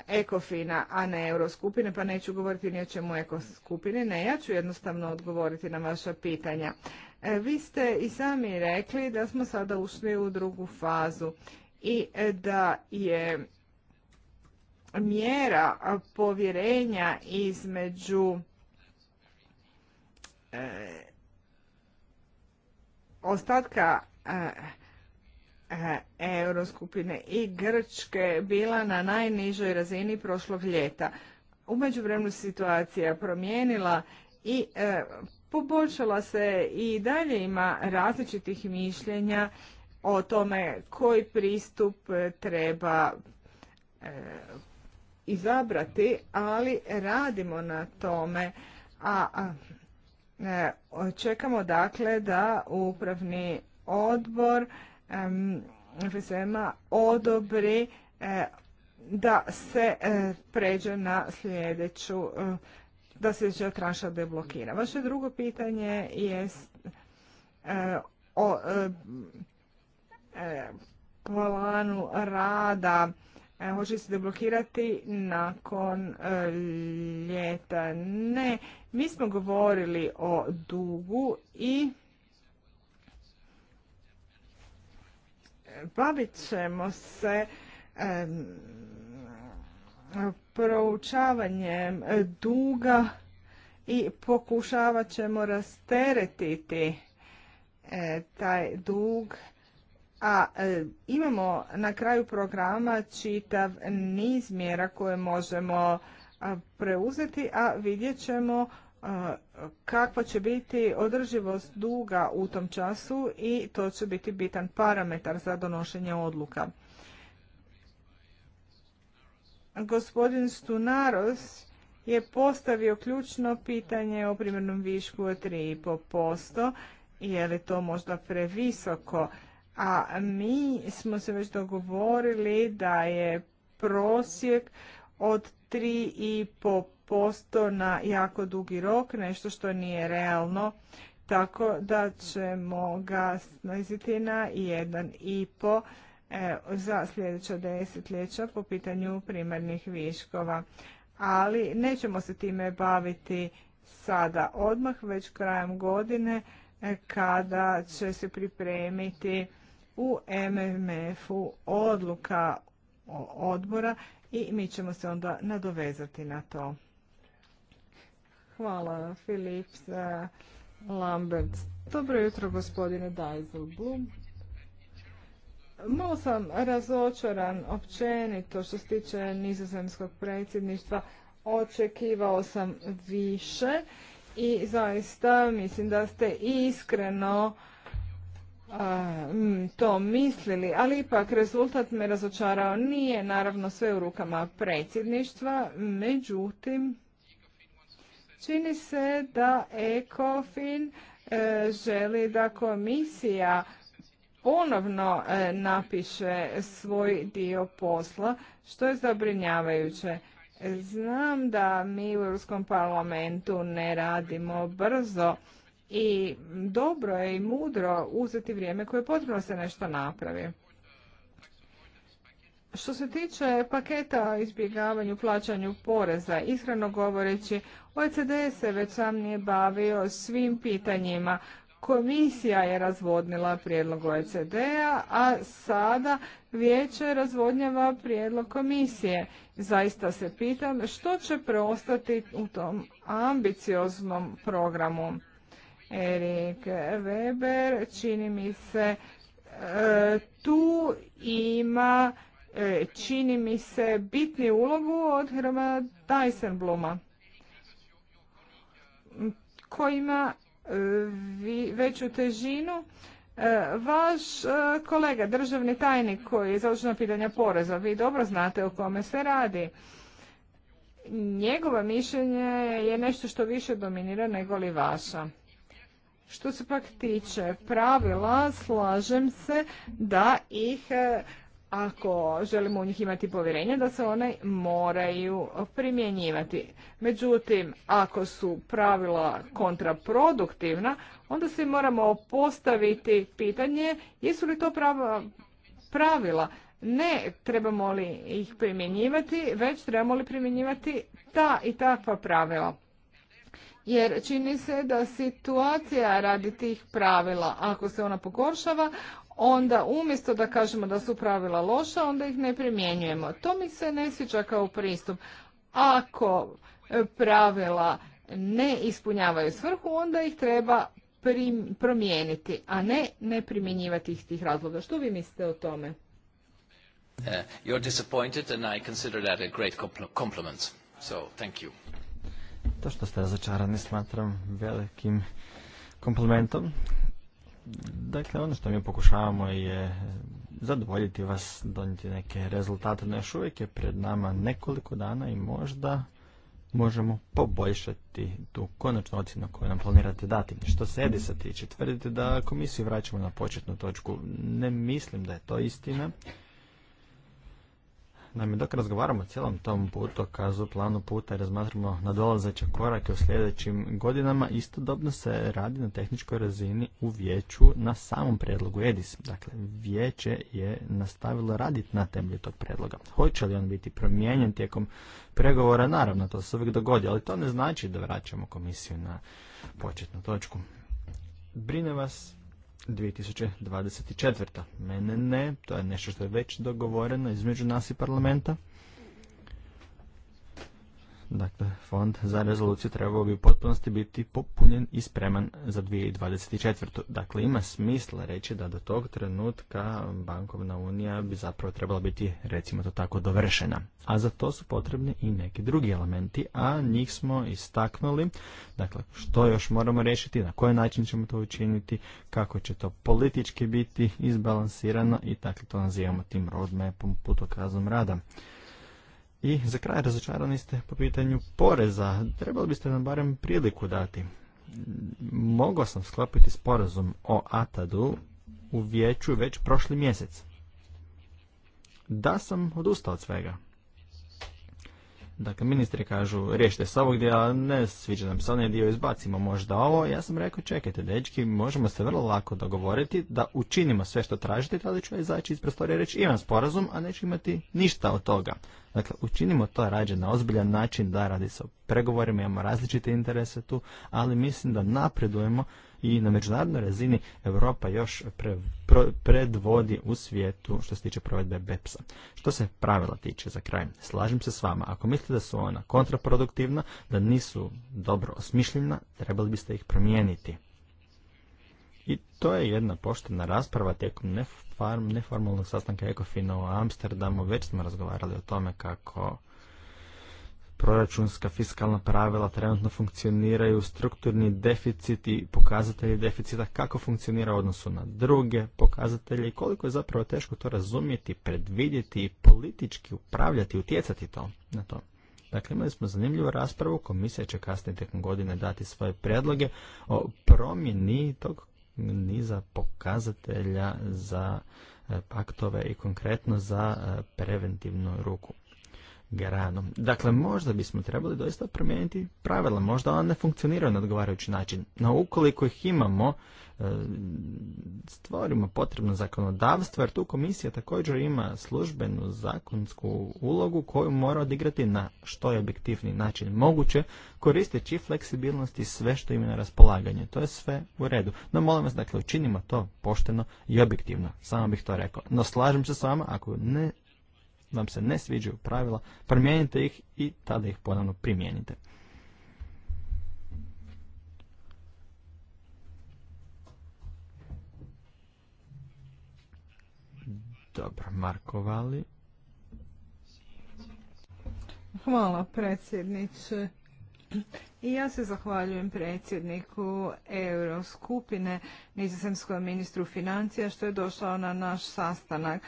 ekofina, a ne euroskupine, pa neću govoriti ni o čemu ekoskupine. Ne, ja ću jednostavno odgovoriti na vaša pitanja. E, vi ste i sami rekli da smo sada ušli u drugu fazu i da je mjera povjerenja između e, ostatka e, E, euroskupine i Grčke bila na najnižoj razini prošlog ljeta. U međuvremenu situacija promijenila i e, poboljšala se i dalje ima različitih mišljenja o tome koji pristup treba e, izabrati, ali radimo na tome, a, a čekamo dakle da upravni odbor FSM-a odobri e, da se e, pređe na sljedeću, e, da se sljedeća tranša deblokira. Vaše drugo pitanje je o planu rada Hoće se deblokirati nakon ljeta? Ne. Mi smo govorili o dugu i bavit ćemo se proučavanjem duga i pokušavat ćemo rasteretiti e, taj dug a e, imamo na kraju programa čitav niz mjera koje možemo preuzeti, a vidjet ćemo kakva će biti održivost duga u tom času i to će biti bitan parametar za donošenje odluka. Gospodin Stunaros je postavio ključno pitanje o primjernom višku od 3,5%. Je li to možda previsoko? A mi smo se već dogovorili da je prosjek od 3,5% 5% na jako dugi rok, nešto što nije realno, tako da ćemo ga sniziti na 1,5% e, za sljedeća desetljeća po pitanju primarnih viškova. Ali nećemo se time baviti sada odmah, već krajem godine e, kada će se pripremiti u MMF-u odluka odbora i mi ćemo se onda nadovezati na to. Hvala, Filip Lambert. Dobro jutro, gospodine Dijsselblum. Malo sam razočaran općenito što se tiče nizozemskog predsjedništva. Očekivao sam više i zaista mislim da ste iskreno to mislili, ali ipak rezultat me razočarao. Nije naravno sve u rukama predsjedništva, međutim Čini se da ECOFIN e, želi da komisija ponovno e, napiše svoj dio posla, što je zabrinjavajuće. Znam da mi u Europskom parlamentu ne radimo brzo i dobro je i mudro uzeti vrijeme koje je potrebno se nešto napravi. Što se tiče paketa o izbjegavanju plaćanju poreza, iskreno govoreći, OECD se već sam nije bavio svim pitanjima. Komisija je razvodnila prijedlog OECD-a, a sada vijeće razvodnjava prijedlog komisije. Zaista se pitam što će preostati u tom ambicioznom programu. Erik Weber, čini mi se, e, tu ima E, čini mi se bitniju ulogu od Herma Dijsselbluma koji ima e, veću težinu e, vaš kolega, državni tajnik koji je zaočeno pitanja poreza, vi dobro znate o kome se radi. Njegova mišljenje je nešto što više dominira nego li vaša. Što se pak tiče pravila, slažem se da ih ako želimo u njih imati povjerenje da se one moraju primjenjivati. Međutim, ako su pravila kontraproduktivna, onda se moramo postaviti pitanje jesu li to prava, pravila. Ne trebamo li ih primjenjivati, već trebamo li primjenjivati ta i takva pravila. Jer čini se da situacija radi tih pravila, ako se ona pogoršava, onda umjesto da kažemo da su pravila loša, onda ih ne primjenjujemo. To mi se ne sviđa kao pristup. Ako e, pravila ne ispunjavaju svrhu, onda ih treba promijeniti, a ne ne primjenjivati ih tih razloga. Što vi mislite o tome? Uh, disappointed and I consider that a great compliment. So, thank you. To što ste razočarani smatram velikim komplementom. Dakle, ono što mi pokušavamo je zadovoljiti vas, donijeti neke rezultate, no još uvijek je pred nama nekoliko dana i možda možemo poboljšati tu konačnu ocjenu koju nam planirate dati. Što se Edisa tiče, tvrdite da komisiju vraćamo na početnu točku. Ne mislim da je to istina. Naime, dok razgovaramo o cijelom tom kazu, planu puta i razmatramo nadolazeće korake u sljedećim godinama, istodobno se radi na tehničkoj razini u vijeću na samom predlogu EDIS. Dakle, vijeće je nastavilo raditi na temelju tog predloga. Hoće li on biti promijenjen tijekom pregovora? Naravno, to se uvijek dogodi, ali to ne znači da vraćamo komisiju na početnu točku. Brine vas 2024. Mene ne, to je nešto što je već dogovoreno između nas i parlamenta. Dakle, fond za rezoluciju trebao bi u potpunosti biti popunjen i spreman za 2024. Dakle, ima smisla reći da do tog trenutka bankovna unija bi zapravo trebala biti, recimo to tako, dovršena. A za to su potrebni i neki drugi elementi, a njih smo istaknuli. Dakle, što još moramo riješiti, na koji način ćemo to učiniti, kako će to politički biti izbalansirano i tako to nazivamo tim roadmapom putokazom rada. I za kraj razočarani ste po pitanju poreza. Trebali biste nam barem priliku dati. Mogao sam sklopiti sporazum o Atadu u vijeću već prošli mjesec. Da sam odustao od svega. Dakle, ministri kažu, riješite se ovog dijela, ne sviđa nam se onaj dio, izbacimo možda ovo. Ja sam rekao, čekajte, dečki, možemo se vrlo lako dogovoriti da učinimo sve što tražite, ali ću ja izaći iz i reći imam sporazum, a neću imati ništa od toga. Dakle, učinimo to rađe na ozbiljan način, da radi se o pregovorima, imamo različite interese tu, ali mislim da napredujemo i na međunarodnoj razini Europa još pre predvodi u svijetu što se tiče provedbe BEPS-a. Što se pravila tiče za kraj, slažem se s vama. Ako mislite da su ona kontraproduktivna, da nisu dobro osmišljena, trebali biste ih promijeniti. I to je jedna poštena rasprava tijekom neformalnog sastanka Ekofina u Amsterdamu. Već smo razgovarali o tome kako proračunska fiskalna pravila trenutno funkcioniraju, strukturni deficit i pokazatelji deficita kako funkcionira u odnosu na druge pokazatelje i koliko je zapravo teško to razumjeti, predvidjeti i politički upravljati, utjecati to na to. Dakle, imali smo zanimljivu raspravu, komisija će kasnije tijekom godine dati svoje predloge o promjeni tog niza pokazatelja za paktove e, i konkretno za e, preventivnu ruku granom. Dakle, možda bismo trebali doista promijeniti pravila, možda ona ne funkcioniraju na odgovarajući način. No, ukoliko ih imamo, e, stvorimo potrebno zakonodavstvo, jer tu komisija također ima službenu zakonsku ulogu koju mora odigrati na što je objektivni način moguće, koristeći fleksibilnost i sve što ima na raspolaganje. To je sve u redu. No, molim vas, dakle, učinimo to pošteno i objektivno. Samo bih to rekao. No, slažem se s vama, ako ne vam se ne sviđaju pravila, promijenite ih i tada ih ponovno primijenite. Dobro, Markovali. Hvala predsjedniče. I ja se zahvaljujem predsjedniku Euroskupine, nizozemskom ministru financija, što je došao na naš sastanak.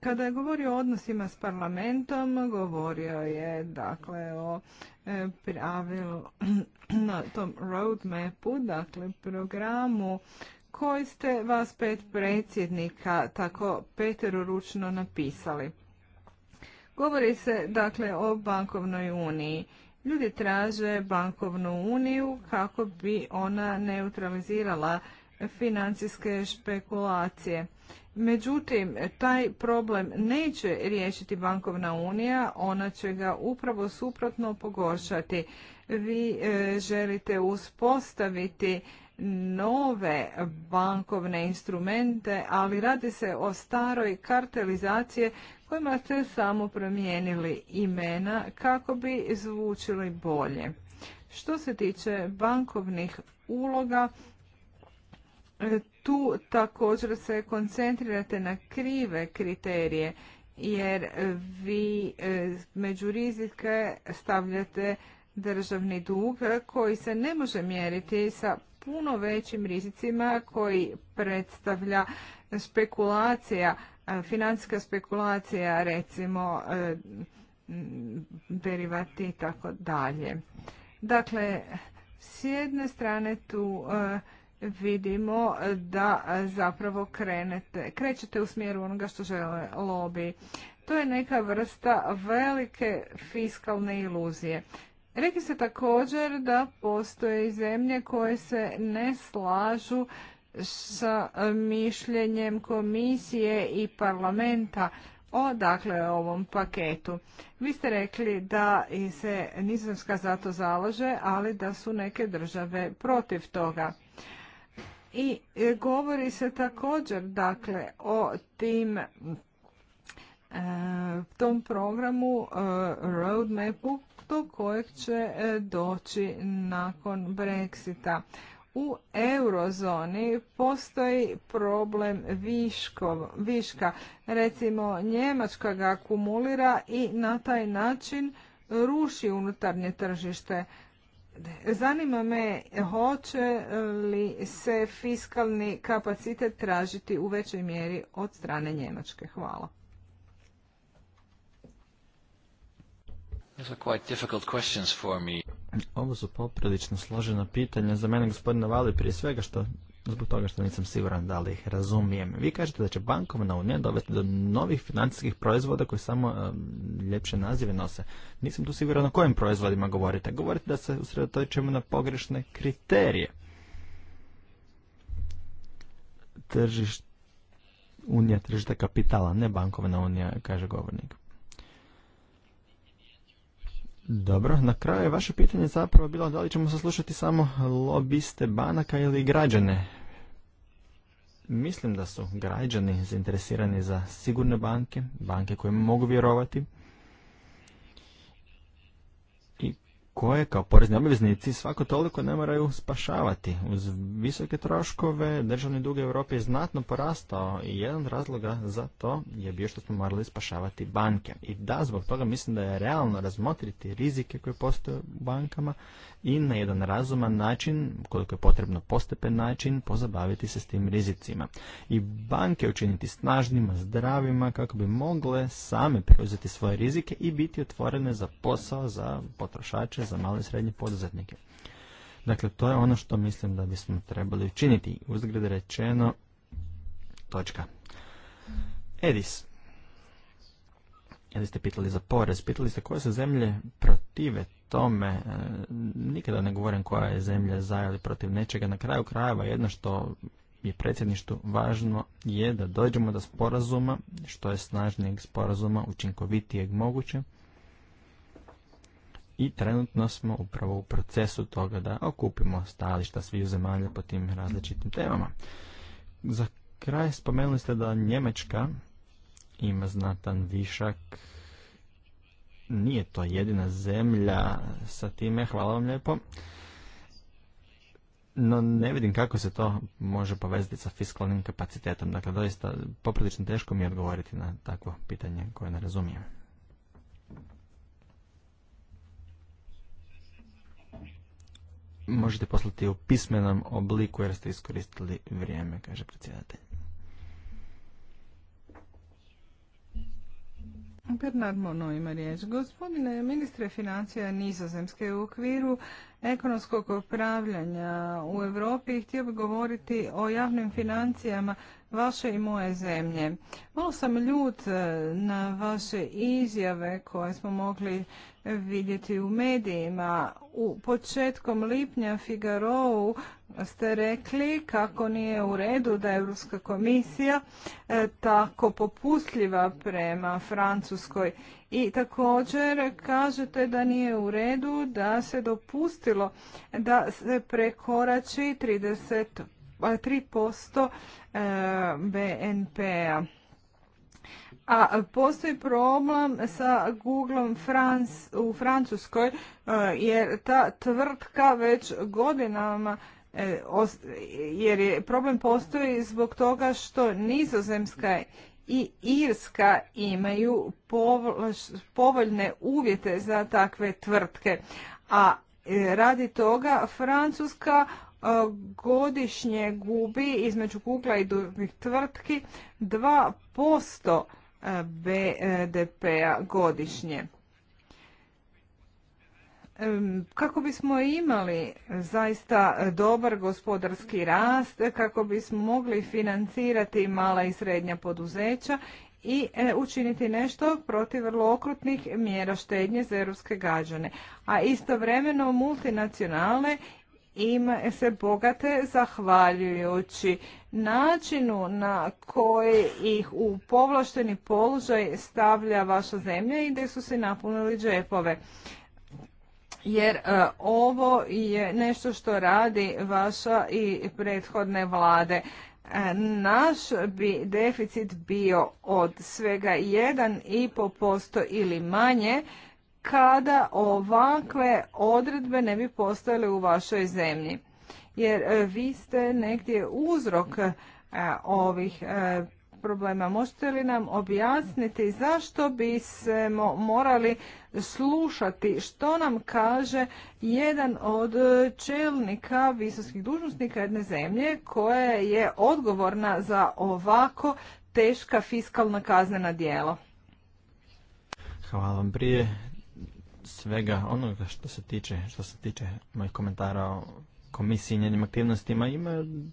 Kada je govorio o odnosima s parlamentom, govorio je dakle o e, pravilu (clears throat) na tom roadmapu, dakle programu koji ste vas pet predsjednika tako ručno napisali. Govori se dakle o bankovnoj uniji. Ljudi traže bankovnu uniju kako bi ona neutralizirala financijske špekulacije. Međutim, taj problem neće riješiti bankovna unija, ona će ga upravo suprotno pogoršati. Vi e, želite uspostaviti nove bankovne instrumente, ali radi se o staroj kartelizacije kojima ste samo promijenili imena kako bi zvučili bolje. Što se tiče bankovnih uloga, tu također se koncentrirate na krive kriterije jer vi e, među rizike stavljate državni dug koji se ne može mjeriti sa puno većim rizicima koji predstavlja spekulacija, e, financijska spekulacija recimo e, derivati i tako dalje. Dakle, s jedne strane tu vidimo da zapravo krenete, krećete u smjeru onoga što žele lobby. To je neka vrsta velike fiskalne iluzije. Reki se također da postoje zemlje koje se ne slažu sa mišljenjem komisije i parlamenta o dakle ovom paketu. Vi ste rekli da se Nizozemska zato zalaže, ali da su neke države protiv toga. I e, govori se također dakle o tim e, tom programu e, roadmapu do kojeg će doći nakon Brexita. U eurozoni postoji problem viško, viška. Recimo Njemačka ga akumulira i na taj način ruši unutarnje tržište. Zanima me hoće li se fiskalni kapacitet tražiti u većoj mjeri od strane Njemačke. Hvala. Ovo su poprilično složena pitanja za mene gospodina Vali prije svega što zbog toga što nisam siguran da li ih razumijem. Vi kažete da će bankovna unija dovesti do novih financijskih proizvoda koji samo ljepše nazive nose. Nisam tu siguran na kojim proizvodima govorite. Govorite da se usredotočimo na pogrešne kriterije. Tržište unija tržišta kapitala, ne bankovna unija, kaže govornik. Dobro, na kraju je vaše pitanje zapravo bilo da li ćemo saslušati samo lobiste banaka ili građane. Mislim da su građani zainteresirani za sigurne banke, banke koje mogu vjerovati koje kao porezni obveznici svako toliko ne moraju spašavati. Uz visoke troškove državni dug Europe je znatno porastao i jedan od razloga za to je bio što smo morali spašavati banke. I da, zbog toga mislim da je realno razmotriti rizike koje postoje u bankama i na jedan razuman način, koliko je potrebno postepen način, pozabaviti se s tim rizicima. I banke učiniti snažnima, zdravima, kako bi mogle same preuzeti svoje rizike i biti otvorene za posao, za potrošače, za male i srednje poduzetnike. Dakle, to je ono što mislim da bismo trebali učiniti. Uzgled rečeno, točka. Edis. jeli ste pitali za porez, pitali ste koje se zemlje protive tome, e, nikada ne govorim koja je zemlja za ili protiv nečega, na kraju krajeva jedno što je predsjedništvu važno je da dođemo do sporazuma, što je snažnijeg sporazuma, učinkovitijeg moguće, i trenutno smo upravo u procesu toga da okupimo stajališta svih zemalja po tim različitim temama. Za kraj spomenuli ste da Njemačka ima znatan višak nije to jedina zemlja sa time, hvala vam lijepo. No ne vidim kako se to može povezati sa fiskalnim kapacitetom. Dakle, doista poprilično teško mi je odgovoriti na takvo pitanje koje ne razumijem. možete poslati u pismenom obliku jer ste iskoristili vrijeme, kaže predsjedatelj. Bernard Mono ima riječ. Gospodine ministre financija Nizozemske u okviru ekonomskog upravljanja u Europi htio bih govoriti o javnim financijama vaše i moje zemlje. Malo sam ljut e, na vaše izjave koje smo mogli vidjeti u medijima. U početkom lipnja Figaro ste rekli kako nije u redu da Europska komisija e, tako popustljiva prema Francuskoj i također kažete da nije u redu da se dopustilo da se prekorači 30, 3% BNP-a. A postoji problem sa Google u Francuskoj e, jer ta tvrtka već godinama E, jer je problem postoji zbog toga što Nizozemska i Irska imaju povoljne uvjete za takve tvrtke, a e, radi toga Francuska e, godišnje gubi između kukla i drugih tvrtki 2% BDP-a godišnje kako bismo imali zaista dobar gospodarski rast, kako bismo mogli financirati mala i srednja poduzeća i e, učiniti nešto protiv vrlo okrutnih mjera štednje za europske gađane. A istovremeno multinacionalne im se bogate zahvaljujući načinu na koji ih u povlašteni položaj stavlja vaša zemlja i gdje su se napunili džepove jer e, ovo je nešto što radi vaša i prethodne vlade. E, naš bi deficit bio od svega 1,5% ili manje kada ovakve odredbe ne bi postojale u vašoj zemlji. Jer e, vi ste negdje uzrok ovih problema. Možete li nam objasniti zašto bismo morali slušati što nam kaže jedan od čelnika visokih dužnosnika jedne zemlje koja je odgovorna za ovako teška fiskalna kaznena djela? Hvala vam prije svega onoga što se tiče, što se tiče mojih komentara o komisiji i njenim aktivnostima ima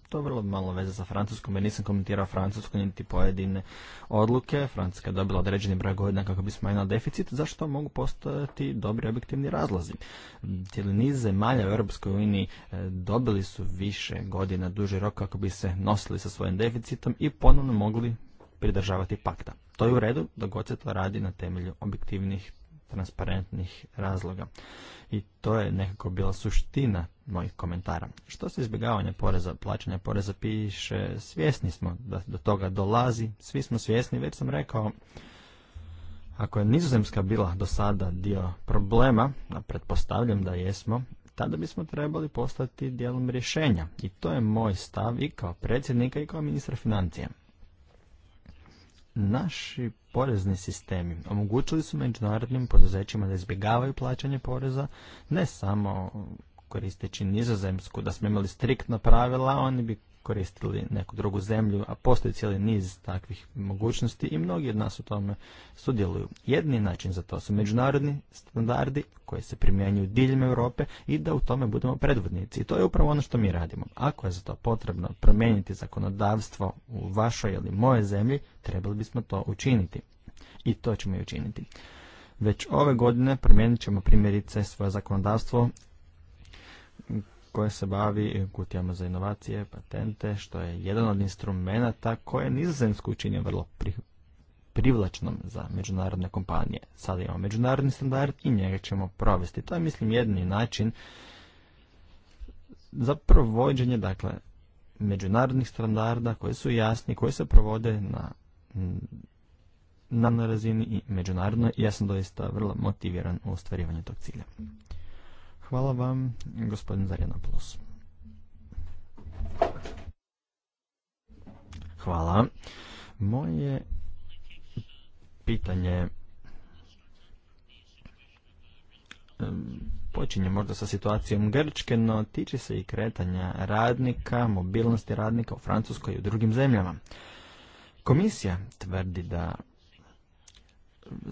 to vrlo malo veze sa Francuskom jer nisam komentirao Francusku niti pojedine odluke. Francuska je dobila određeni broj godina kako bi smanjila deficit, zašto mogu postati dobri objektivni razlozi. Cijeli niz zemalja u Europskoj uniji e, dobili su više godina duži rok kako bi se nosili sa svojim deficitom i ponovno mogli pridržavati pakta. To je u redu dok god se to radi na temelju objektivnih transparentnih razloga. I to je nekako bila suština mojih komentara. Što se izbjegavanja poreza, plaćanja poreza piše, svjesni smo da do toga dolazi, svi smo svjesni, već sam rekao, ako je nizozemska bila do sada dio problema, a pretpostavljam da jesmo, tada bismo trebali postati dijelom rješenja. I to je moj stav i kao predsjednika i kao ministra financija naši porezni sistemi omogućili su međunarodnim poduzećima da izbjegavaju plaćanje poreza, ne samo koristeći nizozemsku, da smo imali striktna pravila, oni bi koristili neku drugu zemlju, a postoji cijeli niz takvih mogućnosti i mnogi od nas u tome sudjeluju. Jedni način za to su međunarodni standardi koji se primjenjuju diljem Europe i da u tome budemo predvodnici. I to je upravo ono što mi radimo. Ako je za to potrebno promijeniti zakonodavstvo u vašoj ili moje zemlji, trebali bismo to učiniti. I to ćemo i učiniti. Već ove godine promijenit ćemo primjerice svoje zakonodavstvo koje se bavi kutijama za inovacije, patente, što je jedan od instrumenta koje je nizozemsku učinio vrlo privlačnom za međunarodne kompanije. Sada imamo međunarodni standard i njega ćemo provesti. To je, mislim, jedni način za provođenje, dakle, međunarodnih standarda koji su jasni, koji se provode na na razini i međunarodno. Ja sam doista vrlo motiviran u ostvarivanju tog cilja. Hvala vam, gospodin plus Hvala. Moje pitanje počinje možda sa situacijom Grčke, no tiče se i kretanja radnika, mobilnosti radnika u Francuskoj i u drugim zemljama. Komisija tvrdi da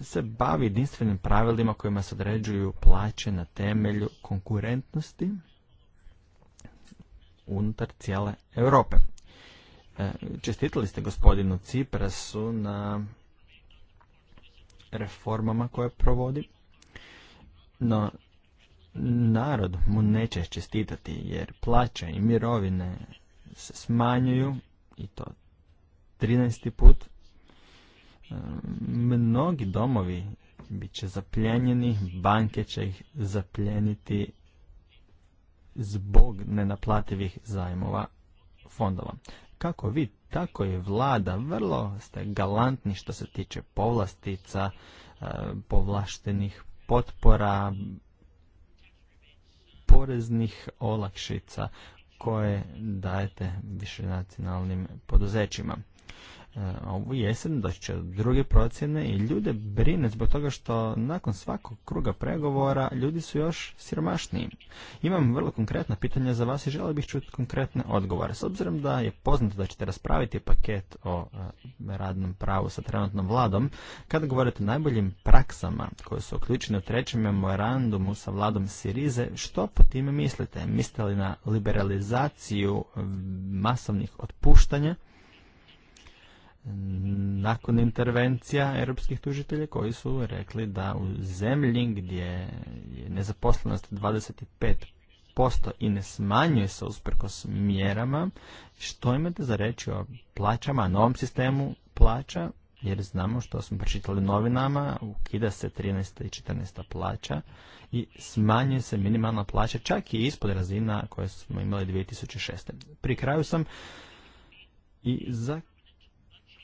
se bavi jedinstvenim pravilima kojima se određuju plaće na temelju konkurentnosti unutar cijele Europe. E, čestitali ste gospodinu Ciprasu na reformama koje provodi, no narod mu neće čestitati jer plaće i mirovine se smanjuju i to 13. put mnogi domovi bit će zapljenjeni, banke će ih zapljeniti zbog nenaplativih zajmova fondova. Kako vi, tako i vlada, vrlo ste galantni što se tiče povlastica, e, povlaštenih potpora, poreznih olakšica koje dajete višenacionalnim poduzećima. E, ovu jesen doći će druge procjene i ljude brine zbog toga što nakon svakog kruga pregovora ljudi su još siromašniji. Imam vrlo konkretna pitanja za vas i želio bih čuti konkretne odgovore. S obzirom da je poznato da ćete raspraviti paket o e, radnom pravu sa trenutnom vladom, kada govorite o najboljim praksama koje su uključene u trećem memorandumu sa vladom Sirize, što po time mislite? Mislite li na liberalizaciju masovnih otpuštanja? nakon intervencija europskih tužitelja koji su rekli da u zemlji gdje je nezaposlenost 25% i ne smanjuje se usprkos mjerama, što imate za reći o plaćama, novom sistemu plaća, jer znamo što smo pročitali novinama, ukida se 13. i 14. plaća i smanjuje se minimalna plaća čak i ispod razina koje smo imali 2006. Pri kraju sam i za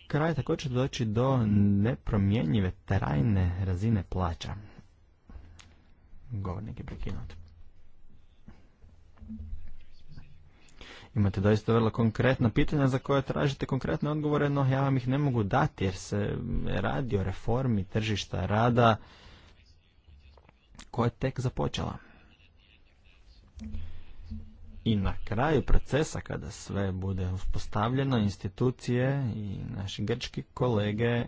kraj također doći do nepromjenjive trajne razine plaća. Govornik je prekinut. Imate doista vrlo konkretna pitanja za koje tražite konkretne odgovore, no ja vam ih ne mogu dati jer se radi o reformi tržišta rada koja je tek započela. I na kraju procesa, kada sve bude uspostavljeno, institucije i naši grčki kolege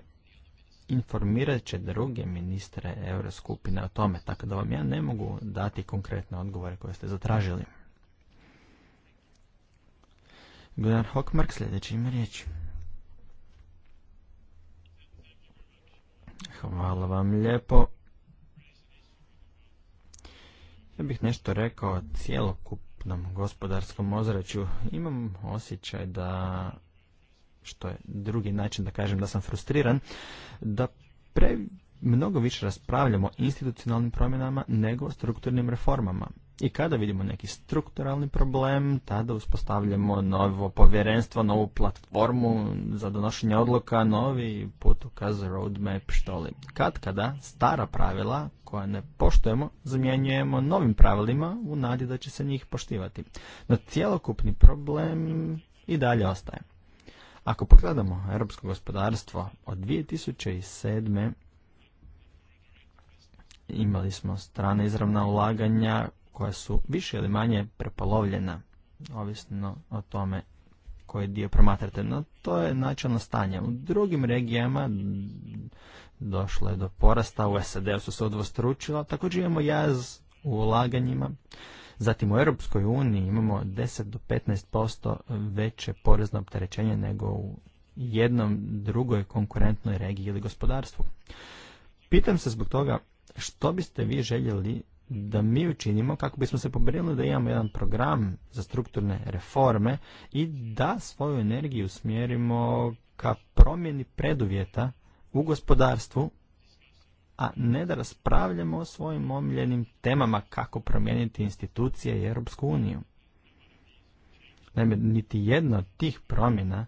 informirat će druge ministre Euroskupine o tome, tako da vam ja ne mogu dati konkretne odgovore koje ste zatražili. Gunnar Hockmark sljedeći ima riječ. Hvala vam lijepo. Ja bih nešto rekao o ukupnom gospodarskom ozračju imam osjećaj da, što je drugi način da kažem da sam frustriran, da pre, mnogo više raspravljamo o institucionalnim promjenama nego o strukturnim reformama. I kada vidimo neki strukturalni problem, tada uspostavljamo novo povjerenstvo, novu platformu za donošenje odluka, novi putokaz, roadmap, što li. Kad kada stara pravila koja ne poštujemo, zamjenjujemo novim pravilima u nadi da će se njih poštivati. No cjelokupni problem i dalje ostaje. Ako pogledamo europsko gospodarstvo od 2007. imali smo strane izravna ulaganja koja su više ili manje prepolovljena, ovisno o tome koji dio promatrate. No, to je načelno stanje. U drugim regijama došlo je do porasta, u sad su se odvostručila, također imamo jaz u ulaganjima. Zatim u Europskoj uniji imamo 10 do 15% veće porezno opterećenje nego u jednom drugoj konkurentnoj regiji ili gospodarstvu. Pitam se zbog toga što biste vi željeli da mi učinimo kako bismo se pobrinuli da imamo jedan program za strukturne reforme i da svoju energiju smjerimo ka promjeni preduvjeta u gospodarstvu, a ne da raspravljamo o svojim omiljenim temama kako promijeniti institucije i Europsku uniju. Naime, niti jedna od tih promjena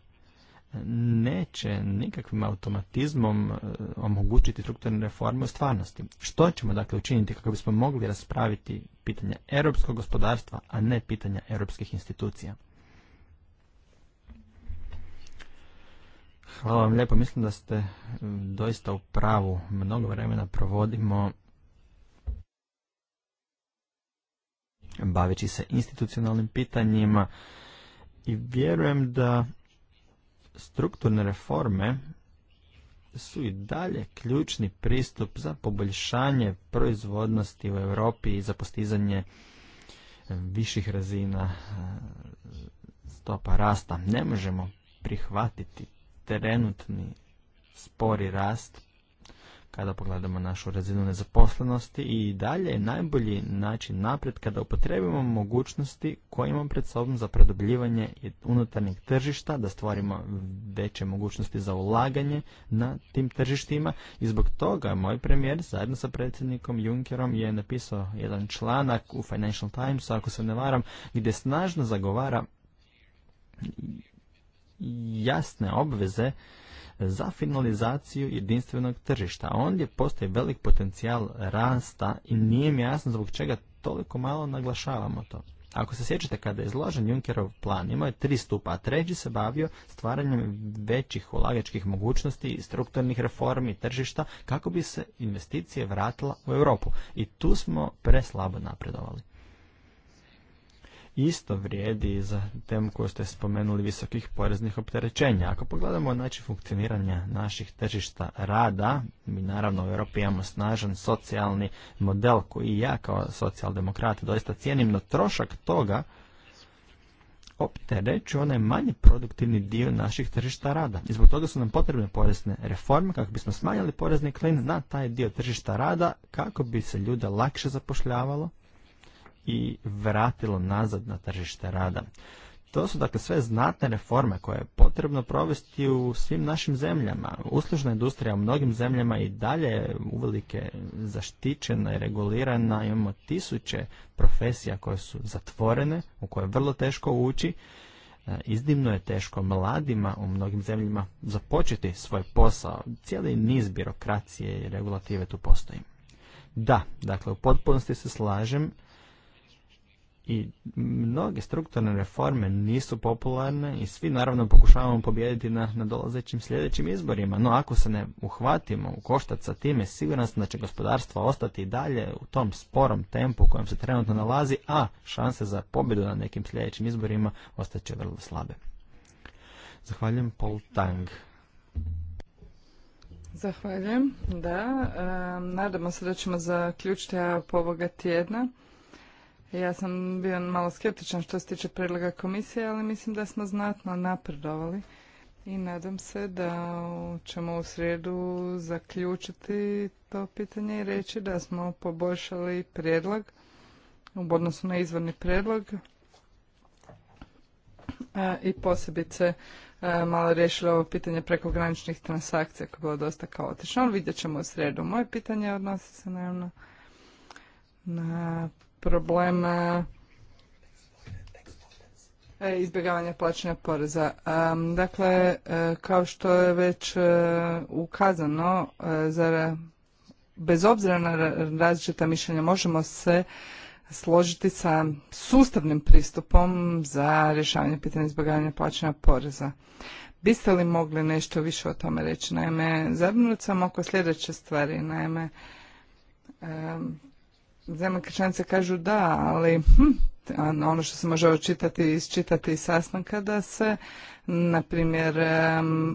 neće nikakvim automatizmom e, omogućiti strukturne reforme u stvarnosti. Što ćemo dakle učiniti kako bismo mogli raspraviti pitanja europskog gospodarstva, a ne pitanja europskih institucija? Hvala vam lijepo, mislim da ste doista u pravu. Mnogo vremena provodimo baveći se institucionalnim pitanjima i vjerujem da strukturne reforme su i dalje ključni pristup za poboljšanje proizvodnosti u Europi i za postizanje e, viših razina e, stopa rasta. Ne možemo prihvatiti trenutni spori rast kada pogledamo našu razinu nezaposlenosti i dalje je najbolji način naprijed kada upotrebimo mogućnosti koje imamo pred sobom za predobljivanje unutarnjeg tržišta, da stvorimo veće mogućnosti za ulaganje na tim tržištima i zbog toga moj premijer zajedno sa predsjednikom Junckerom je napisao jedan članak u Financial Times, ako se ne varam, gdje snažno zagovara jasne obveze za finalizaciju jedinstvenog tržišta. Ondje postoji velik potencijal rasta i nije mi jasno zbog čega toliko malo naglašavamo to. Ako se sjećate kada je izložen Junkerov plan, imao je tri stupa, a treći se bavio stvaranjem većih ulagačkih mogućnosti i strukturnih reformi tržišta kako bi se investicije vratila u Europu. I tu smo preslabo napredovali isto vrijedi i za temu koju ste spomenuli visokih poreznih opterećenja. Ako pogledamo način funkcioniranja naših tržišta rada, mi naravno u Europi imamo snažan socijalni model koji ja kao socijaldemokrat doista cijenim, no trošak toga optereću onaj manje produktivni dio naših tržišta rada. I zbog toga su nam potrebne porezne reforme kako bismo smanjili porezni klin na taj dio tržišta rada kako bi se ljude lakše zapošljavalo i vratilo nazad na tržište rada. To su dakle sve znatne reforme koje je potrebno provesti u svim našim zemljama. Uslužna industrija u mnogim zemljama i dalje uvelike zaštićena i regulirana. Imamo tisuće profesija koje su zatvorene, u koje je vrlo teško ući. E, iznimno je teško mladima u mnogim zemljama započeti svoj posao. Cijeli niz birokracije i regulative tu postoji. Da, dakle u potpunosti se slažem i mnoge strukturne reforme nisu popularne i svi naravno pokušavamo pobijediti na nadolazećim sljedećim izborima. No ako se ne uhvatimo u koštac sa time, siguran sam da će gospodarstvo ostati i dalje u tom sporom tempu u kojem se trenutno nalazi, a šanse za pobjedu na nekim sljedećim izborima će vrlo slabe. Zahvaljujem Paul Tang. Zahvaljujem, da. E, nadamo se da ćemo zaključiti ovoga tjedna. Ja sam bio malo skeptičan što se tiče predloga komisije, ali mislim da smo znatno napredovali i nadam se da ćemo u srijedu zaključiti to pitanje i reći da smo poboljšali prijedlog u odnosu na izvorni prijedlog e, i posebice e, malo riješili ovo pitanje prekograničnih transakcija koje je bilo dosta kaotično, vidjet ćemo u srijedu. Moje pitanje odnosi se naravno na problema e, izbjegavanja plaćanja poreza. E, dakle, e, kao što je već ukazano, za, bez obzira na različita mišljenja možemo se složiti sa sustavnim pristupom za rješavanje pitanja izbjegavanja plaćanja poreza. Biste li mogli nešto više o tome reći? Naime, zabrinut sam oko sljedeće stvari. Naime, zemlje kažu da, ali hm, ono što se može očitati, isčitati iz sastanka da se, na primjer,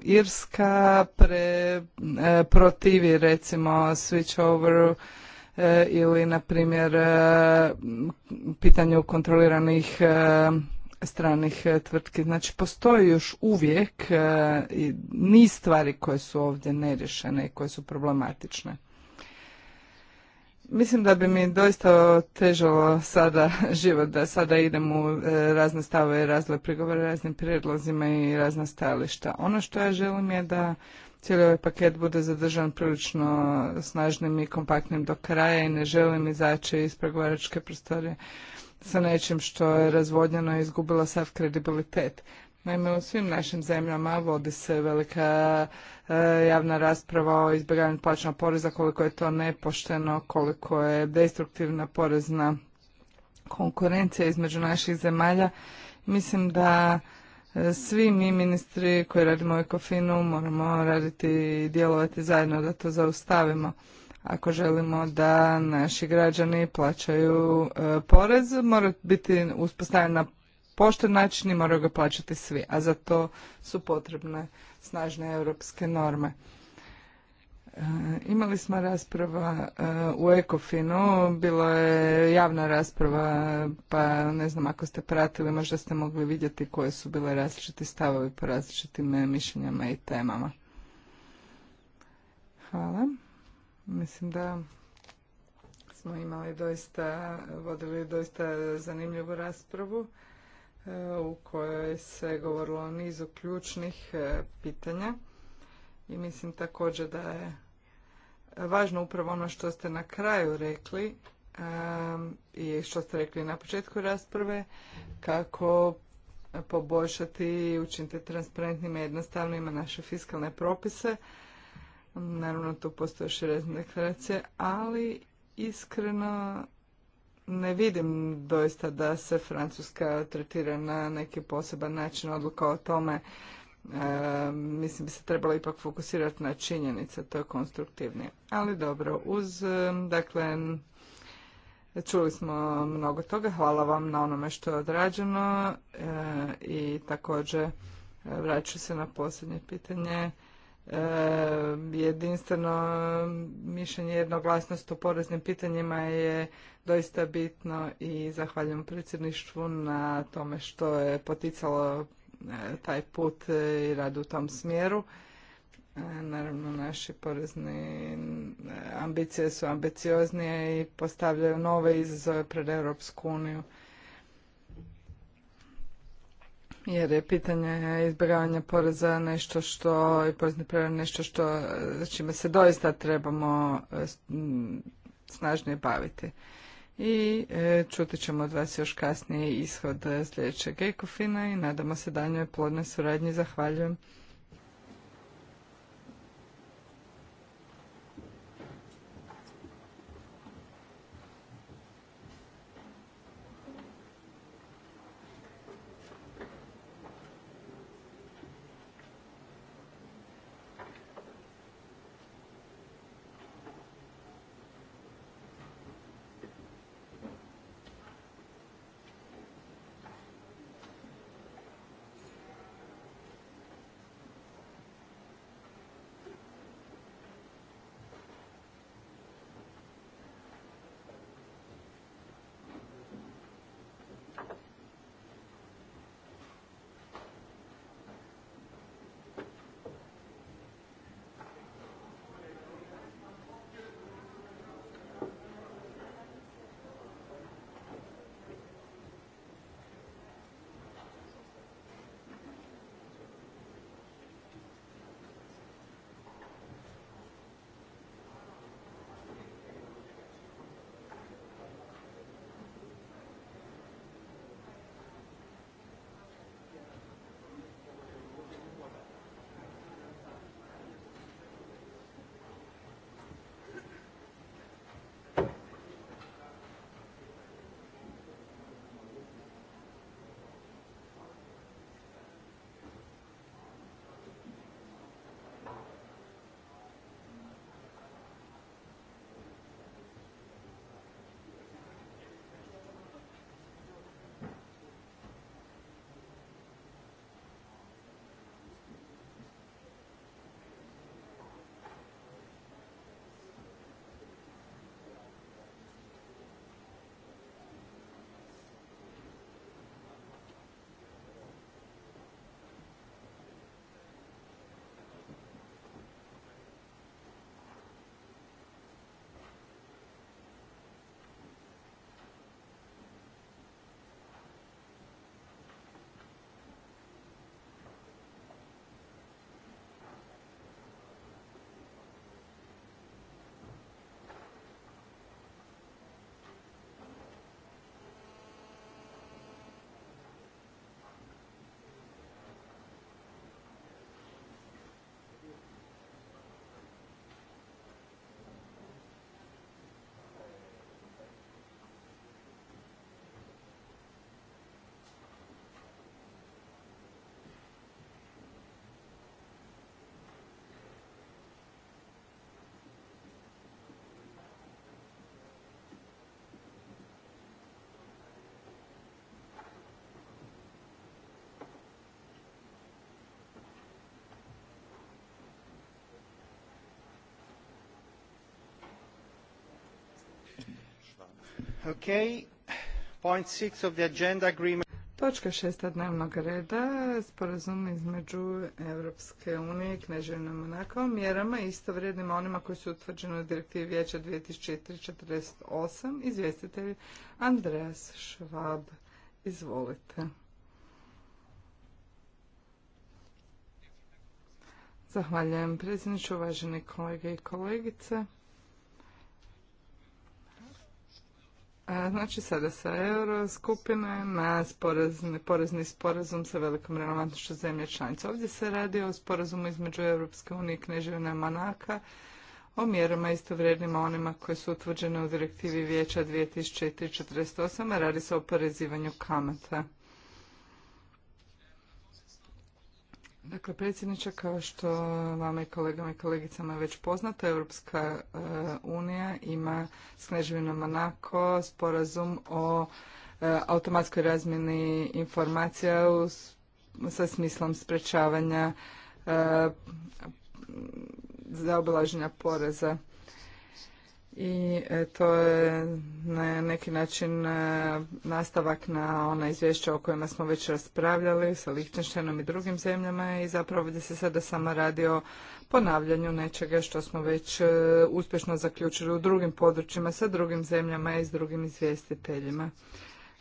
Irska pre, e, protivi recimo switch overu e, ili na primjer e, pitanju kontroliranih stranih tvrtki. Znači postoji još uvijek niz stvari koje su ovdje nerješene i koje su problematične. Mislim da bi mi doista težalo sada (laughs) život da sada idem u e, razne stave i razne prigovore raznim prijedlozima i razna stajališta. Ono što ja želim je da cijeli ovaj paket bude zadržan prilično snažnim i kompaktnim do kraja i ne želim izaći iz pregovaračke prostorije sa nečim što je razvodnjeno i izgubilo sav kredibilitet. Naime, u svim našim zemljama vodi se velika E, javna rasprava o izbjegavanju plaćanja poreza, koliko je to nepošteno, koliko je destruktivna porezna konkurencija između naših zemalja. Mislim da e, svi mi ministri koji radimo u Ekofinu moramo raditi i djelovati zajedno da to zaustavimo. Ako želimo da naši građani plaćaju e, porez, mora biti uspostavljen na pošten način i moraju ga plaćati svi, a za to su potrebne snažne europske norme. E, imali smo rasprava e, u Ekofinu, bila je javna rasprava, pa ne znam ako ste pratili, možda ste mogli vidjeti koje su bile različiti stavovi po različitim e, mišljenjama i temama. Hvala. Mislim da smo imali doista, vodili doista zanimljivu raspravu u kojoj se govorilo o nizu ključnih e, pitanja i mislim također da je važno upravo ono što ste na kraju rekli e, i što ste rekli na početku rasprave, kako poboljšati i učiniti transparentnima i jednostavnima naše fiskalne propise. Naravno, tu postoje širezne deklaracije, ali iskreno ne vidim doista da se Francuska tretira na neki poseban način odluka o tome. E, mislim bi se trebalo ipak fokusirati na činjenice, to je konstruktivnije. Ali dobro, uz, e, dakle, čuli smo mnogo toga, hvala vam na onome što je odrađeno e, i također vraću se na posljednje pitanje. E, jedinstveno mišljenje jednoglasnost u poreznim pitanjima je doista bitno i zahvaljujem predsjedništvu na tome što je poticalo e, taj put e, i rad u tom smjeru. Naravno, naši porezne ambicije su ambicioznije i postavljaju nove izazove pred Europsku uniju jer je pitanje izbjegavanja poreza nešto što i porezne nešto što čime se doista trebamo e, mm, snažnije baviti. I e, čuti ćemo od vas još kasnije ishod e, sljedećeg ekofina i nadamo se daljnjoj plodnoj suradnji. Zahvaljujem. Okay. Point six of the agenda agreement. Točka šesta dnevnog reda, sporazum između Europske unije i Kneževine Monaka o mjerama istovrednim onima koji su utvrđeni u direktivi vijeća 2004-48 izvjestitelj Andreas Schwab. Izvolite. Zahvaljujem predsjedniče, uvaženi kolege i kolegice. A, znači sada sa euro skupine na porezni sporazum sa velikom relevantnošću zemlje članica. Ovdje se radi o sporazumu između Europske unije i Kneževina Manaka o mjerama istovrednima onima koje su utvrđene u direktivi vijeća osam a radi se o porezivanju kamata. Dakle, predsjedniče, kao što vama i kolegama i kolegicama je već poznato, Europska e, unija ima s Kneževinom Monako sporazum o e, automatskoj razmjeni informacija sa smislom sprečavanja e, zaobilaženja poreza i e, to je na neki način e, nastavak na ona izvješća o kojima smo već raspravljali sa Lichtensteinom i drugim zemljama i zapravo ovdje se sada samo radi o ponavljanju nečega što smo već e, uspješno zaključili u drugim područjima sa drugim zemljama i s drugim izvjestiteljima.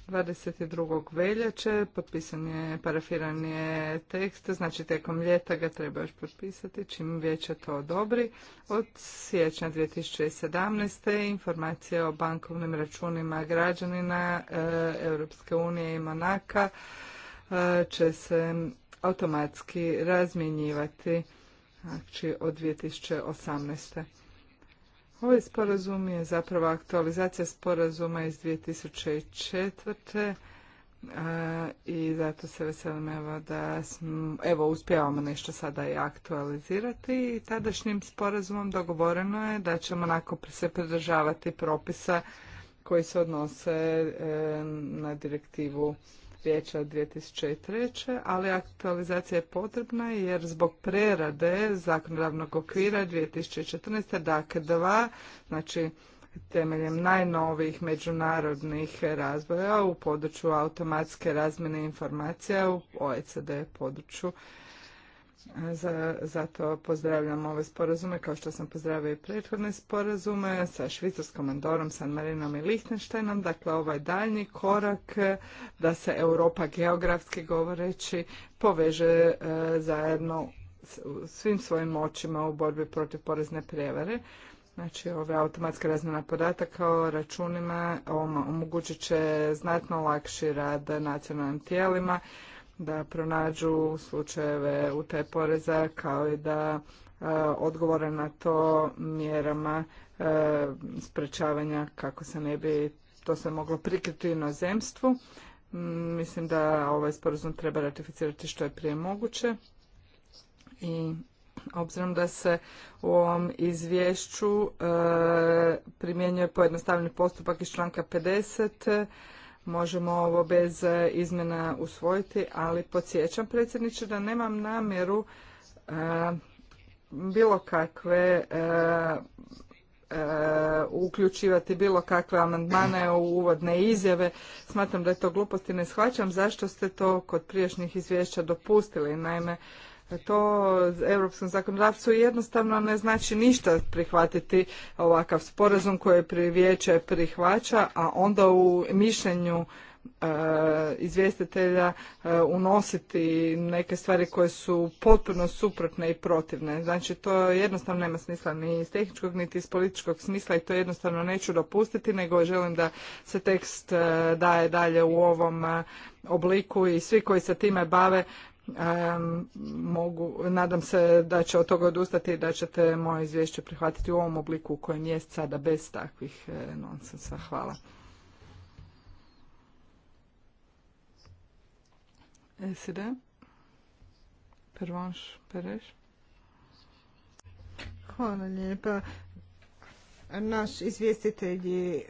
22. veljače potpisan je, parafiran je tekst, znači tekom ljeta ga treba još potpisati, čim vijeće to odobri. Od siječnja 2017. informacije o bankovnim računima građanina e, Europske unije i Monaka e, će se automatski razmjenjivati znači, od 2018. Ovaj sporazum je zapravo aktualizacija sporazuma iz 2004. I zato se veselim evo da smo, evo uspjevamo nešto sada i aktualizirati i tadašnjim sporazumom dogovoreno je da ćemo onako se pridržavati propisa koji se odnose e, na direktivu vijeća 2003. ali aktualizacija je potrebna jer zbog prerade zakonodavnog okvira 2014. DAK 2, znači temeljem najnovijih međunarodnih razvoja u području automatske razmjene informacija u OECD području zato pozdravljam ove sporazume kao što sam pozdravio i prethodne sporazume sa Švicarskom, Andorom, San Marinom i Lichtensteinom. Dakle, ovaj daljnji korak eh, da se Europa geografski govoreći poveže eh, zajedno svim svojim moćima u borbi protiv porezne prijevare. Znači, ove automatska razmjena podataka o računima omogućit će znatno lakši rad nacionalnim tijelima da pronađu slučajeve te poreza kao i da e, odgovore na to mjerama e, sprečavanja kako se ne bi to se moglo prikriti u inozemstvu. Mm, mislim da ovaj sporazum treba ratificirati što je prije moguće i obzirom da se u ovom izvješću e, primjenjuje pojednostavljeni postupak iz članka 50 možemo ovo bez e, izmjena usvojiti, ali podsjećam predsjedniče da nemam namjeru e, bilo kakve e, uključivati bilo kakve amandmane u uvodne izjave. Smatram da je to glupost i ne shvaćam zašto ste to kod prijašnjih izvješća dopustili. Naime, to europskom zakonodavstvu jednostavno ne znači ništa prihvatiti ovakav sporazum koji vijeće prihvaća, a onda u mišljenju e, izvjestitelja e, unositi neke stvari koje su potpuno suprotne i protivne. Znači to jednostavno nema smisla ni iz tehničkog niti iz političkog smisla i to jednostavno neću dopustiti nego želim da se tekst e, daje dalje u ovom obliku i svi koji se time bave mogu, nadam se da će od toga odustati i da ćete moje izvješće prihvatiti u ovom obliku u kojem jest sada bez takvih e, nonsensa. Hvala. Hvala lijepa. Naš izvjestitelj e,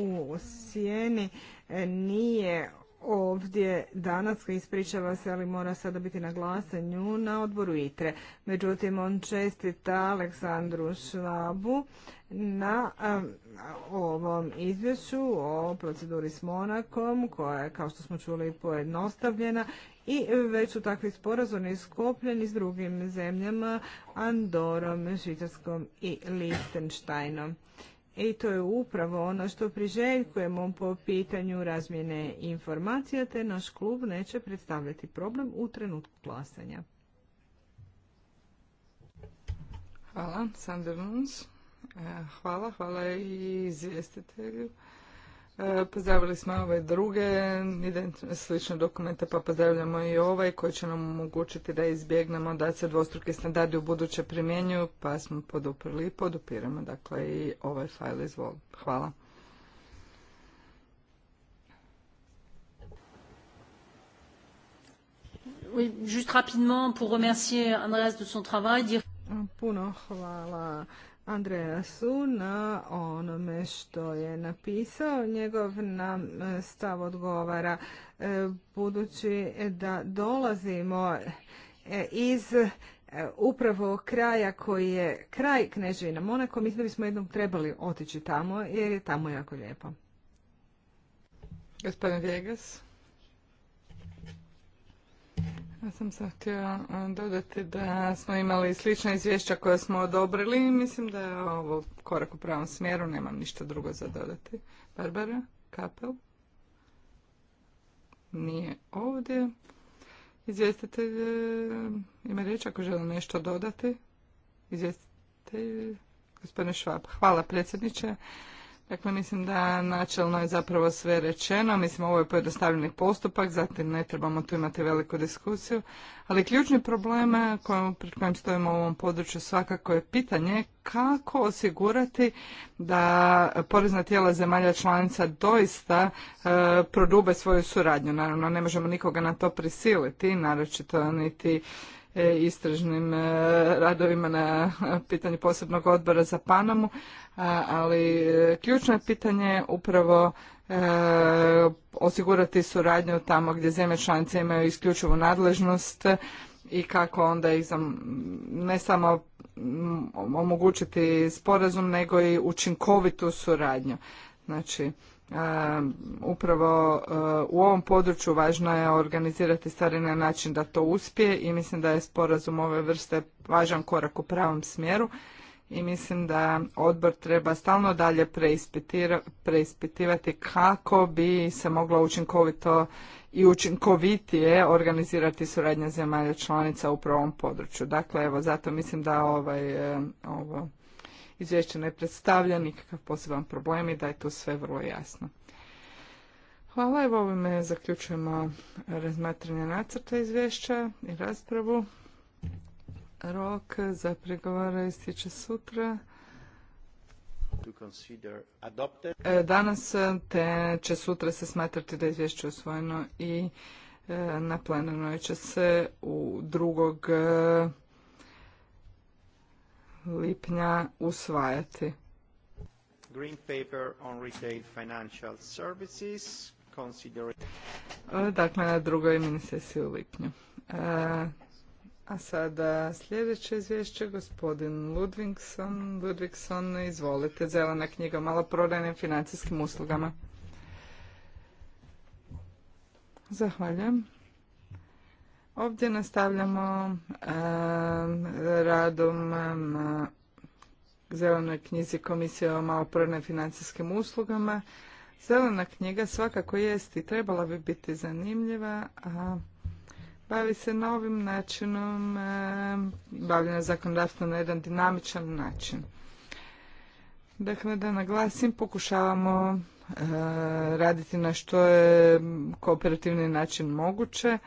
u Sijeni e, nije ovdje danas, ispričava se, ali mora sada biti na glasanju na odboru ITRE. Međutim, on čestita Aleksandru Švabu na ovom izvješću o proceduri s Monakom, koja je, kao što smo čuli, pojednostavljena i već su takvi sporazumi sklopljeni s drugim zemljama, Andorom, Švicarskom i Liechtensteinom i to je upravo ono što priželjkujemo po pitanju razmjene informacija, te naš klub neće predstavljati problem u trenutku glasanja. Hvala, e, Hvala, hvala i izvjestitelju. E, pozdravili smo ove druge slične dokumente, pa pozdravljamo i ovaj koji će nam omogućiti da izbjegnemo da se dvostruki standardi u buduće primjenjuju, pa smo poduprli i podupiramo dakle i ovaj fajl izvol. Hvala. Oui, rapidement pour remercier Andreas Puno hvala Andreasu na onome što je napisao. Njegov nam e, stav odgovara e, budući da dolazimo e, iz upravo kraja koji je kraj Kneževina Monako. Mislim da bismo jednom trebali otići tamo jer je tamo jako lijepo. Gospodin Vjegas. Ja sam se htio dodati da smo imali slična izvješća koja smo odobrili i mislim da je ovo korak u pravom smjeru, nemam ništa drugo za dodati. Barbara Kapel? Nije ovdje. Izvjestitelj e, ima riječ ako želi nešto dodati. Izvjestitelj, gospodine Švab. Hvala predsjedniče. Dakle, mislim da načelno je zapravo sve rečeno. Mislim, ovo je pojednostavljeni postupak, zatim ne trebamo tu imati veliku diskusiju. Ali ključni problem pred kojim stojimo u ovom području svakako je pitanje kako osigurati da porezna tijela zemalja članica doista e, prodube svoju suradnju. Naravno, ne možemo nikoga na to prisiliti, naročito niti E, istražnim e, radovima na pitanju posebnog odbora za Panamu, e, ali ključno je pitanje upravo osigurati suradnju tamo gdje zemlje članice imaju isključivu nadležnost i kako onda ih ne samo mm, omogućiti sporazum nego i učinkovitu suradnju. Znači, Ehm, upravo eh, u ovom području važno je organizirati stvari na način da to uspije i mislim da je sporazum ove vrste važan korak u pravom smjeru i mislim da odbor treba stalno dalje preispitivati kako bi se moglo učinkovito i učinkovitije organizirati suradnja zemalja članica u ovom području. Dakle, evo, zato mislim da ovaj, eh, ovo izvješće ne predstavlja nikakav poseban problem i da je tu sve vrlo jasno. Hvala, evo ovime zaključujemo razmatranje nacrta izvješća i raspravu. Rok za pregovore ističe sutra. E, danas te će sutra se smatrati da je izvješće osvojeno i e, na plenarnoj će se u drugog lipnja usvajati. Green paper on e, Dakle, na drugoj mini sesiji u lipnju. E, a, sada sljedeće izvješće, gospodin Ludvigson. Ludvigson, izvolite, zelena knjiga malo maloprodajnim financijskim uslugama. Zahvaljujem. Ovdje nastavljamo radom na zelenoj knjizi Komisije o maloprodajnim financijskim uslugama. Zelena knjiga svakako jest i trebala bi biti zanimljiva, a bavi se novim načinom bavljenja bavljena zakonodavstvom na jedan dinamičan način. Dakle, da naglasim, pokušavamo raditi na što je kooperativni način moguće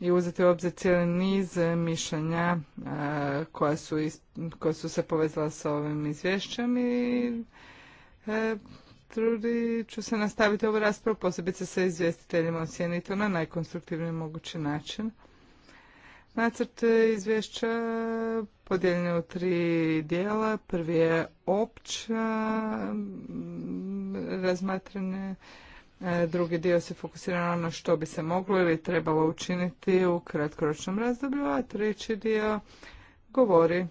i uzeti u obzir cijeli niz e, mišljenja e, koja su, su se povezala sa ovim izvješćem i e, trudit ću se nastaviti ovu raspravu, posebice sa izvjestiteljima ocijeniti na najkonstruktivniji mogući način. Nacrt izvješća podijeljen je u tri dijela. Prvi je opća razmatranje E, drugi dio se fokusira na ono što bi se moglo ili trebalo učiniti u kratkoročnom razdoblju, a treći dio govori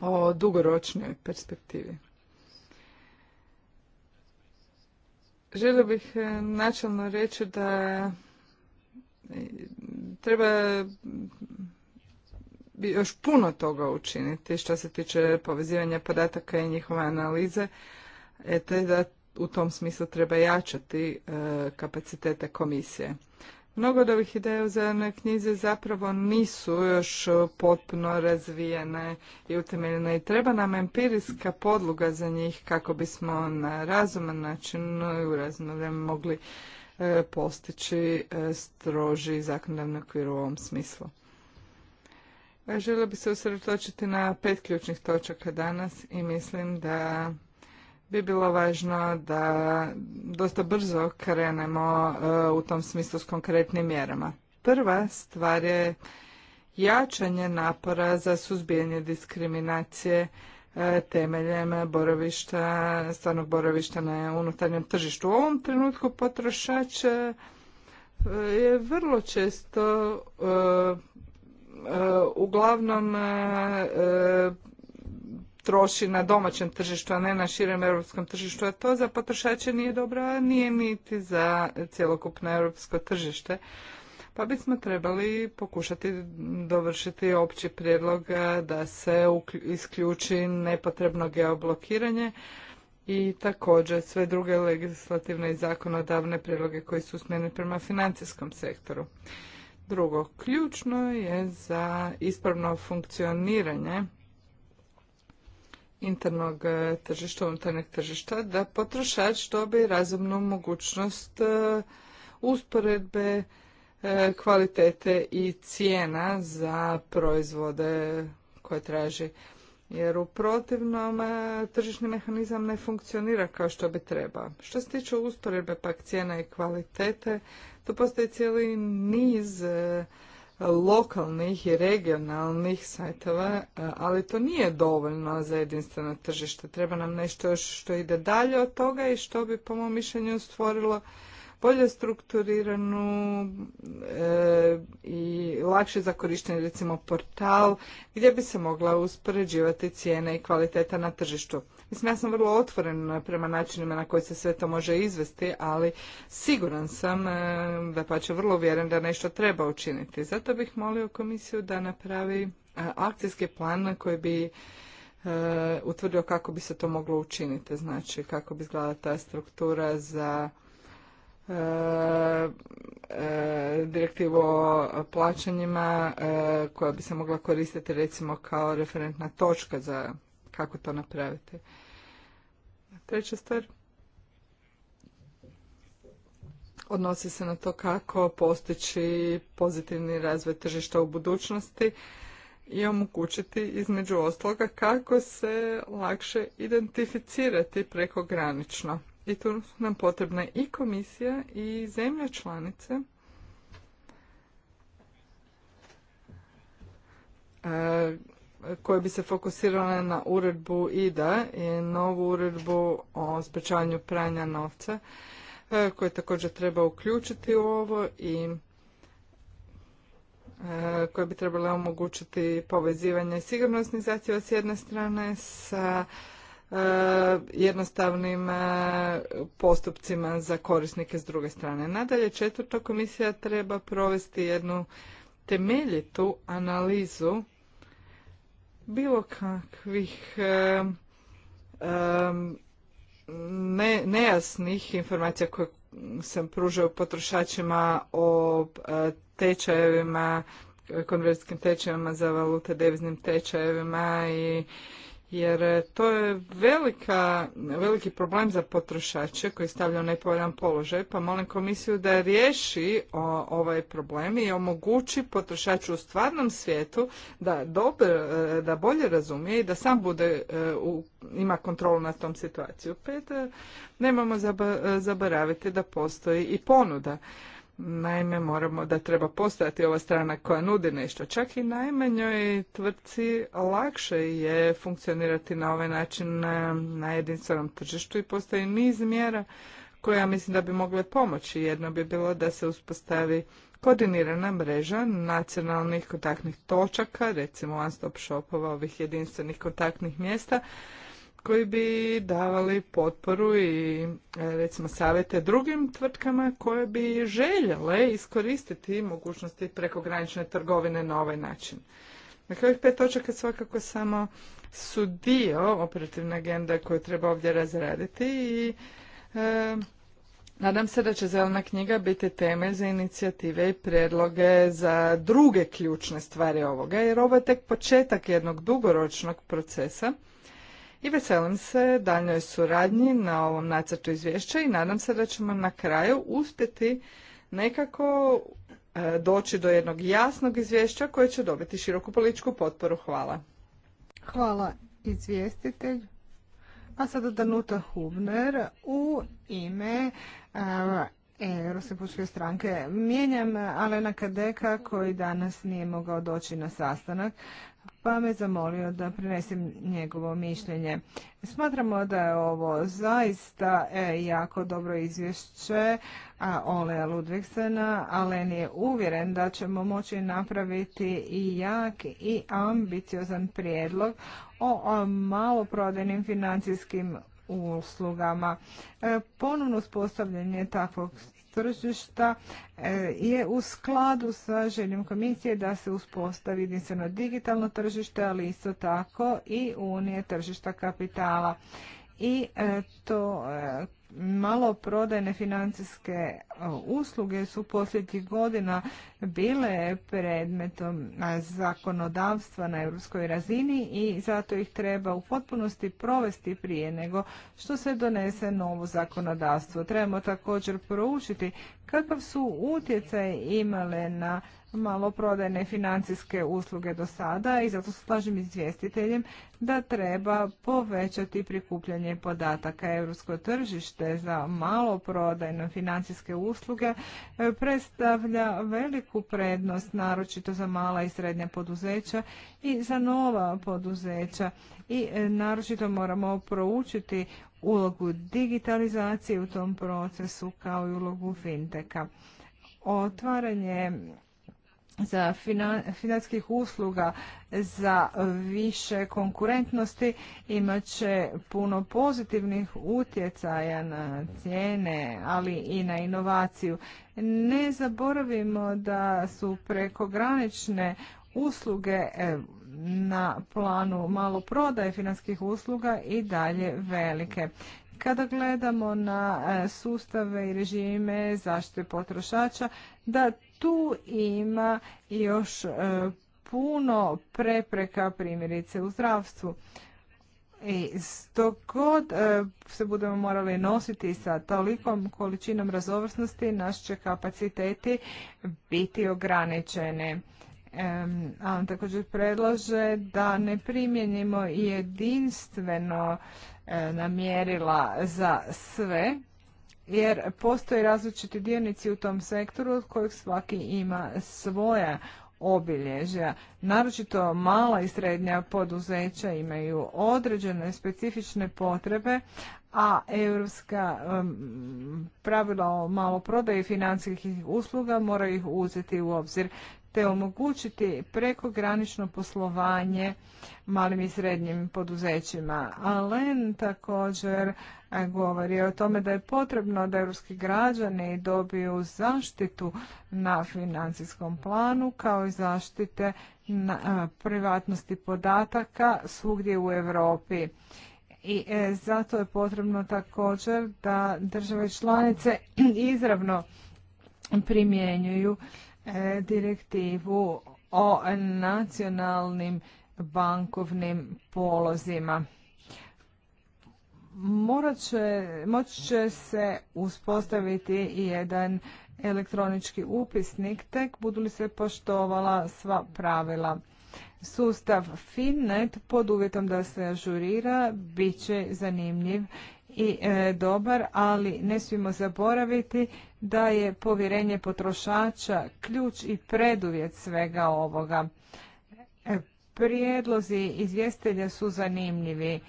o dugoročnoj perspektivi. Želio bih e, načalno reći da treba još puno toga učiniti što se tiče povezivanja podataka i njihove analize, e, te da u tom smislu treba jačati e, kapacitete komisije. Mnogo od ovih ideja u zelenoj knjizi zapravo nisu još potpuno razvijene i utemeljene i treba nam empirijska podluga za njih kako bismo na razuman način i u razumno vrijeme mogli e, postići e, stroži zakonodavni okvir u ovom smislu. Želio bi se usredotočiti na pet ključnih točaka danas i mislim da bi bilo važno da dosta brzo krenemo e, u tom smislu s konkretnim mjerama. Prva stvar je jačanje napora za suzbijanje diskriminacije e, temeljem boravišta, stvarnog boravišta na unutarnjem tržištu. U ovom trenutku potrošač e, je vrlo često uglavnom troši na domaćem tržištu, a ne na širem europskom tržištu, a to za potrošače nije dobro, a nije niti za cjelokupno europsko tržište. Pa bismo trebali pokušati dovršiti opći prijedlog da se isključi nepotrebno geoblokiranje i također sve druge legislativne i zakonodavne prijedloge koji su usmjereni prema financijskom sektoru. Drugo, ključno je za ispravno funkcioniranje internog e, tržišta, unutarnjeg tržišta, da potrošač dobi razumnu mogućnost e, usporedbe e, kvalitete i cijena za proizvode koje traži. Jer u protivnom tržišni mehanizam ne funkcionira kao što bi trebao. Što se tiče usporedbe pak cijena i kvalitete, tu postoji cijeli niz lokalnih i regionalnih sajtova, e, ali to nije dovoljno za jedinstveno tržište. Treba nam nešto još što ide dalje od toga i što bi po mom mišljenju stvorilo bolje strukturiranu e, i lakše za korištenje recimo portal gdje bi se mogla uspoređivati cijene i kvaliteta na tržištu. Mislim, ja sam vrlo otvoren prema načinima na koji se sve to može izvesti, ali siguran sam e, da pa će vrlo vjeren da nešto treba učiniti. Zato bih molio komisiju da napravi e, akcijski plan na koji bi e, utvrdio kako bi se to moglo učiniti, znači kako bi izgledala ta struktura za direktivu o plaćanjima koja bi se mogla koristiti recimo kao referentna točka za kako to napraviti. Treća stvar odnosi se na to kako postići pozitivni razvoj tržišta u budućnosti i omogućiti između ostaloga kako se lakše identificirati prekogranično. I tu nam potrebna i komisija i zemlje članice koje bi se fokusirale na uredbu IDA i novu uredbu o sprečavanju pranja novca e, koje također treba uključiti u ovo i e, koje bi trebala omogućiti povezivanje sigurnosnih zahtjeva s jedne strane sa e, jednostavnim postupcima za korisnike s druge strane. Nadalje, četvrta komisija treba provesti jednu temeljitu analizu bilo kakvih nejasnih informacija koje sam pružao potrošačima o e, tečajevima, konverzijskim tečajevima za valute, deviznim tečajevima i jer e, to je velika, veliki problem za potrošače koji stavlja u nepovoljan položaj, pa molim komisiju da riješi o, ovaj problem i omogući potrošaču u stvarnom svijetu da, dobro, e, da bolje razumije i da sam bude, e, u, ima kontrolu na tom situaciju. Pet, nemamo zaboraviti da postoji i ponuda. Naime, moramo da treba postojati ova strana koja nudi nešto. Čak i najmanjoj tvrtci lakše je funkcionirati na ovaj način na, jedinstvenom tržištu i postoji niz mjera koja, ja mislim da bi mogle pomoći. Jedno bi bilo da se uspostavi koordinirana mreža nacionalnih kontaktnih točaka, recimo one stop shopova, ovih jedinstvenih kontaktnih mjesta, koji bi davali potporu i e, recimo savjete drugim tvrtkama koje bi željele iskoristiti mogućnosti prekogranične trgovine na ovaj način. Dakle, ovih pet točaka svakako samo su dio operativne agende koju treba ovdje razraditi i e, nadam se da će zelena knjiga biti temelj za inicijative i predloge za druge ključne stvari ovoga, jer ovo je tek početak jednog dugoročnog procesa i veselim se daljnjoj suradnji na ovom nacrtu izvješća i nadam se da ćemo na kraju uspjeti nekako e, doći do jednog jasnog izvješća koje će dobiti široku političku potporu. Hvala. Hvala izvjestitelj. A sada Danuta Hubner u ime e, Europske pučke stranke. Mijenjam Alena Kadeka koji danas nije mogao doći na sastanak pa me zamolio da prenesem njegovo mišljenje. Smatramo da je ovo zaista e, jako dobro izvješće Olea Ludvigsena, ali je uvjeren da ćemo moći napraviti i jak i ambiciozan prijedlog o maloprodajnim financijskim uslugama. E, ponovno uspostavljanje takvog tržišta e, je u skladu sa željom komisije da se uspostavi jedinstveno digitalno tržište, ali isto tako i unije tržišta kapitala. I e, to e, malo prodajne financijske e, usluge su posljednjih godina bile predmetom zakonodavstva na europskoj razini i zato ih treba u potpunosti provesti prije nego što se donese novo zakonodavstvo. Trebamo također proučiti kakav su utjecaj imale na maloprodajne financijske usluge do sada i zato se slažem izvjestiteljem da treba povećati prikupljanje podataka. Europsko tržište za maloprodajne financijske usluge e, predstavlja veliku prednost, naročito za mala i srednja poduzeća i za nova poduzeća. I e, naročito moramo proučiti ulogu digitalizacije u tom procesu kao i ulogu finteka. Otvaranje za financijskih usluga za više konkurentnosti imat će puno pozitivnih utjecaja na cijene, ali i na inovaciju. Ne zaboravimo da su prekogranične usluge e, na planu maloprodaje financijskih usluga i dalje velike. Kada gledamo na e, sustave i režime zaštite potrošača, da tu ima još e, puno prepreka primjerice u zdravstvu. I dok god e, se budemo morali nositi sa tolikom količinom razovrsnosti, naš će kapaciteti biti ograničene. A on također predlaže da ne primjenimo jedinstveno e, namjerila za sve, jer postoje različiti dionici u tom sektoru od kojih svaki ima svoja obilježja. Naročito mala i srednja poduzeća imaju određene specifične potrebe, a europska pravila o maloprodaji financijskih usluga moraju ih uzeti u obzir te omogućiti prekogranično poslovanje malim i srednjim poduzećima. Alen također e, govori o tome da je potrebno da europski građani dobiju zaštitu na financijskom planu kao i zaštite na e, privatnosti podataka svugdje u Europi. I e, zato je potrebno također da države članice (clears throat) izravno primjenjuju E, direktivu o nacionalnim bankovnim polozima. moći će se uspostaviti jedan elektronički upisnik tek budu li se poštovala sva pravila. Sustav Finnet pod uvjetom da se ažurira bit će zanimljiv i e, dobar, ali ne smijemo zaboraviti da je povjerenje potrošača ključ i preduvjet svega ovoga. E, prijedlozi izvjestelja su zanimljivi. E,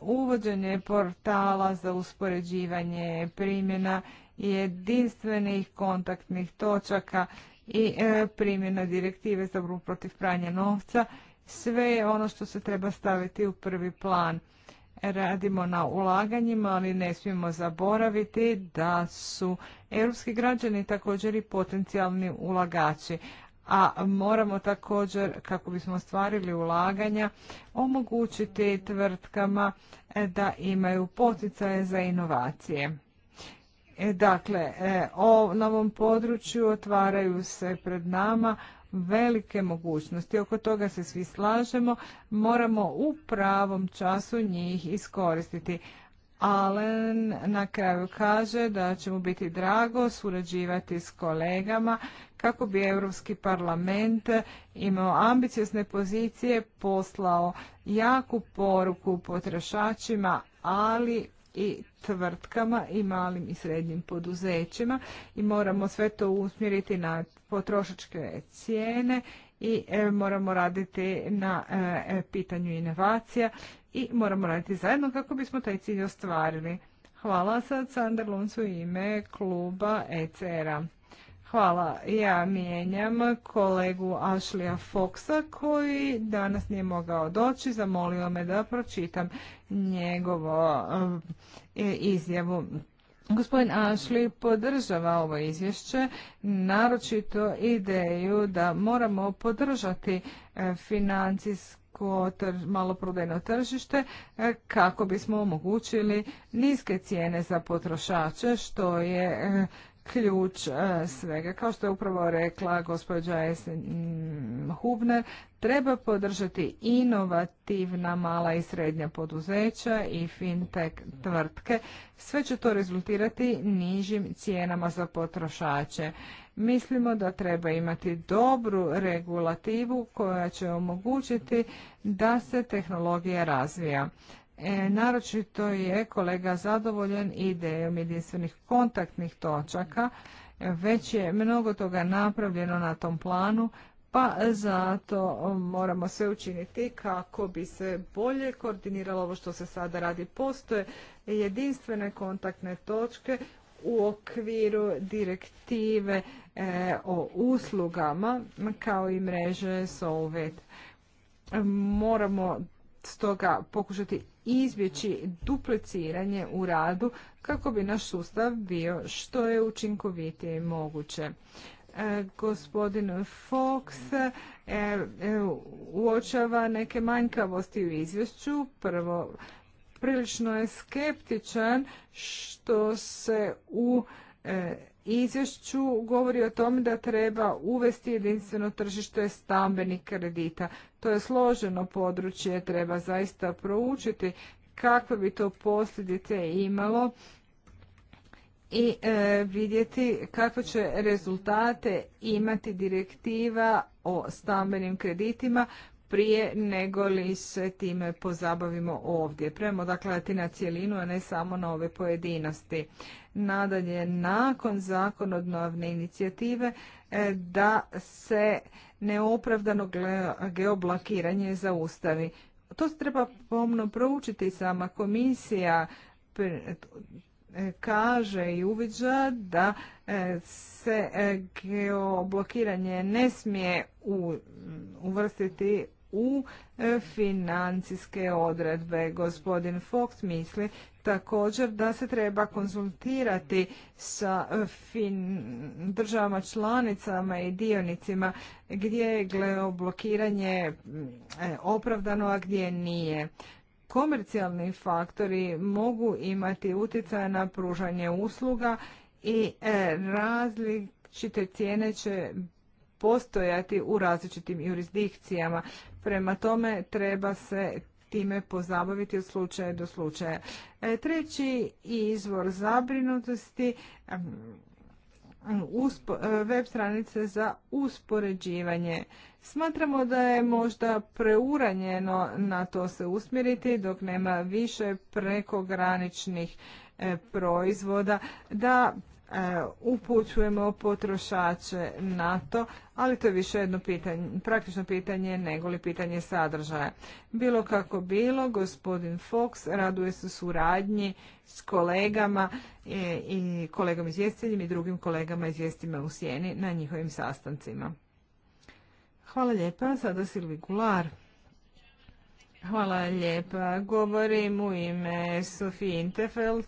uvođenje portala za uspoređivanje primjena jedinstvenih kontaktnih točaka i e, primjena direktive za borbu protiv pranja novca sve je ono što se treba staviti u prvi plan radimo na ulaganjima, ali ne smijemo zaboraviti da su europski građani također i potencijalni ulagači. A moramo također, kako bismo stvarili ulaganja, omogućiti tvrtkama da imaju poticaje za inovacije. E, dakle, e, o, na ovom području otvaraju se pred nama velike mogućnosti. Oko toga se svi slažemo, moramo u pravom času njih iskoristiti. Alen na kraju kaže da će mu biti drago surađivati s kolegama kako bi Europski parlament imao ambiciozne pozicije, poslao jaku poruku potrošačima, ali i tvrtkama i malim i srednjim poduzećima i moramo sve to usmjeriti na potrošačke cijene i e, moramo raditi na e, e, pitanju inovacija i moramo raditi zajedno kako bismo taj cilj ostvarili. Hvala sad Sandar Luncu ime kluba ECR-a. Hvala. Ja mijenjam kolegu Ašlia Foxa koji danas nije mogao doći. Zamolio me da pročitam njegovo e, izjavu. Gospodin Ashley podržava ovo izvješće, naročito ideju da moramo podržati e, financijsko maloprodajno tržište e, kako bismo omogućili niske cijene za potrošače, što je ključ e, svega. Kao što je upravo rekla gospođa Esen mm, Hubner, treba podržati inovativna mala i srednja poduzeća i fintech tvrtke. Sve će to rezultirati nižim cijenama za potrošače. Mislimo da treba imati dobru regulativu koja će omogućiti da se tehnologija razvija. E, naročito je kolega zadovoljen idejom jedinstvenih kontaktnih točaka. Već je mnogo toga napravljeno na tom planu, pa zato moramo sve učiniti kako bi se bolje koordiniralo ovo što se sada radi. Postoje jedinstvene kontaktne točke u okviru direktive e, o uslugama kao i mreže Solvet. Moramo stoga pokušati izbjeći dupliciranje u radu kako bi naš sustav bio što je učinkovitije moguće. E, gospodin Fox e, e, uočava neke manjkavosti u izvješću. Prvo, prilično je skeptičan što se u izvješću govori o tome da treba uvesti jedinstveno tržište stambenih kredita. To je složeno područje, treba zaista proučiti kakve bi to posljedice imalo i e, vidjeti kakve će rezultate imati direktiva o stambenim kreditima prije nego li se time pozabavimo ovdje. Premo dakle na cjelinu, a ne samo na ove pojedinosti nadalje nakon zakonodavne inicijative e, da se neopravdano geoblokiranje zaustavi. To se treba pomno proučiti sama komisija e, kaže i uviđa da e, se geoblokiranje ne smije uvrstiti u e, financijske odredbe. Gospodin Fox misli također da se treba konzultirati sa e, državama članicama i dionicima gdje je gleoblokiranje e, opravdano, a gdje nije. Komercijalni faktori mogu imati utjecaj na pružanje usluga i različite cijene će postojati u različitim jurisdikcijama. Prema tome treba se time pozabaviti od slučaja do slučaja. E, treći izvor zabrinutosti e, web stranice za uspoređivanje. Smatramo da je možda preuranjeno na to se usmjeriti dok nema više prekograničnih e, proizvoda, da E, upućujemo potrošače na to, ali to je više jedno pitanje, praktično pitanje nego li pitanje sadržaja. Bilo kako bilo, gospodin Fox raduje se suradnji s kolegama i kolegom izvjestiteljem i drugim kolegama izvjestima u Sjeni na njihovim sastancima. Hvala lijepa, sada Silvi Gular. Hvala lijepa. Govorim u ime Sofie Intefeld,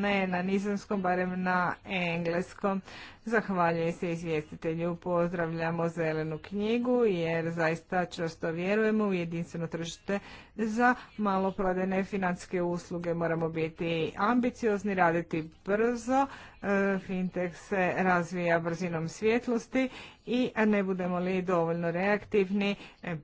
ne na nizanskom, barem na engleskom. Zahvaljujem se izvjestitelju, pozdravljamo zelenu knjigu jer zaista čvrsto vjerujemo u jedinstveno tržište za maloprodajne financijske usluge. Moramo biti ambiciozni, raditi brzo. E, fintech se razvija brzinom svjetlosti i ne budemo li dovoljno reaktivni, e,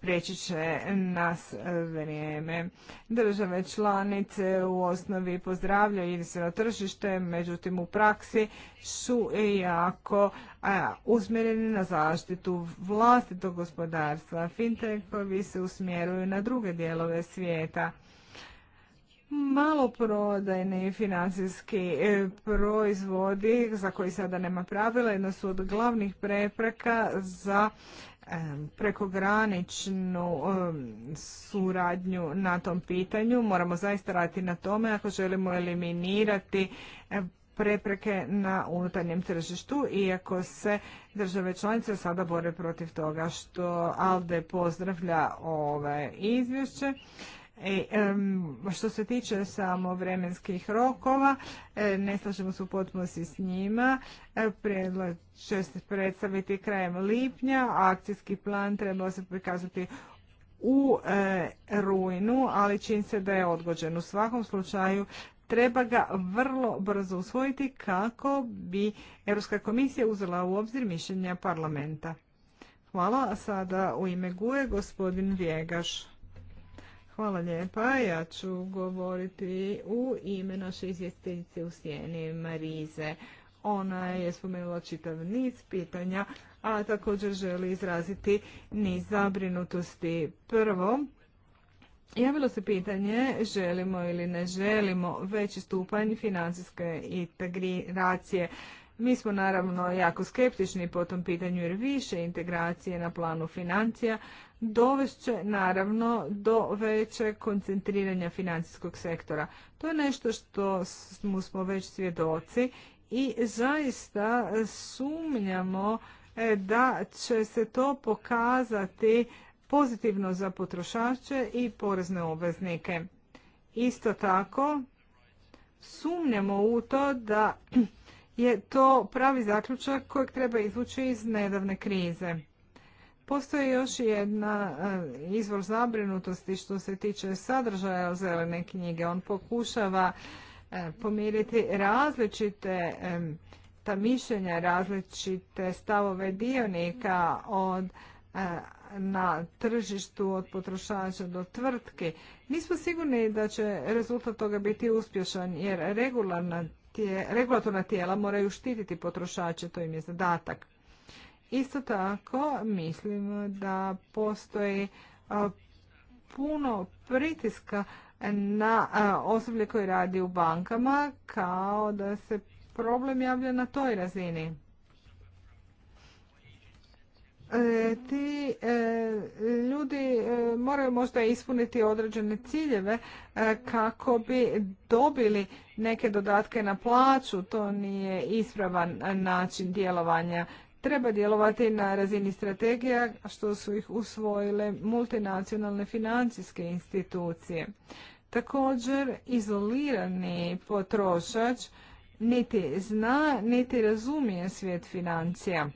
prijeći će nas vrijeme. Države članice u osnovi pozdravljaju jedinstveno tržište, međutim u praksi su jako a, uzmjereni na zaštitu vlastitog gospodarstva. Fintechovi se usmjeruju na druge dijelove svijeta. Maloprodajni financijski e, proizvodi za koji sada nema pravila jedna su od glavnih prepreka za prekograničnu suradnju na tom pitanju. Moramo zaista raditi na tome ako želimo eliminirati prepreke na unutarnjem tržištu, iako se države članice sada bore protiv toga što ALDE pozdravlja ove izvješće. E, što se tiče samo vremenskih rokova, e, ne slažemo se u potpunosti s njima. E, Predlog će se predstaviti krajem lipnja, a akcijski plan treba se prikazati u rujnu, ali čini se da je odgođen. U svakom slučaju treba ga vrlo brzo usvojiti kako bi Europska komisija uzela u obzir mišljenja parlamenta. Hvala. A sada u ime GUE gospodin Vjegaš. Hvala lijepa. Ja ću govoriti u ime naše izvjestiteljice u sjeni Marize. Ona je spomenula čitav niz pitanja, a također želi izraziti niz zabrinutosti. Prvo, javilo se pitanje želimo ili ne želimo veći stupanj financijske integracije. Mi smo naravno jako skeptični po tom pitanju jer više integracije na planu financija dovest će naravno do većeg koncentriranja financijskog sektora. To je nešto što smo već svjedoci i zaista sumnjamo e, da će se to pokazati pozitivno za potrošače i porezne obveznike. Isto tako, sumnjamo u to da je to pravi zaključak kojeg treba izvući iz nedavne krize. Postoji još jedna e, izvor zabrinutosti što se tiče sadržaja zelene knjige. On pokušava e, pomiriti različite e, ta mišljenja, različite stavove dionika od na tržištu od potrošača do tvrtke. Nismo sigurni da će rezultat toga biti uspješan jer regulatorna tijela moraju štititi potrošače, to im je zadatak. Isto tako mislimo da postoji puno pritiska na osoblje koje radi u bankama kao da se problem javlja na toj razini. E, ti e, ljudi e, moraju možda ispuniti određene ciljeve kako bi dobili neke dodatke na plaću. To nije ispravan način djelovanja treba djelovati na razini strategija što su ih usvojile multinacionalne financijske institucije. Također, izolirani potrošač niti zna, niti razumije svijet financija.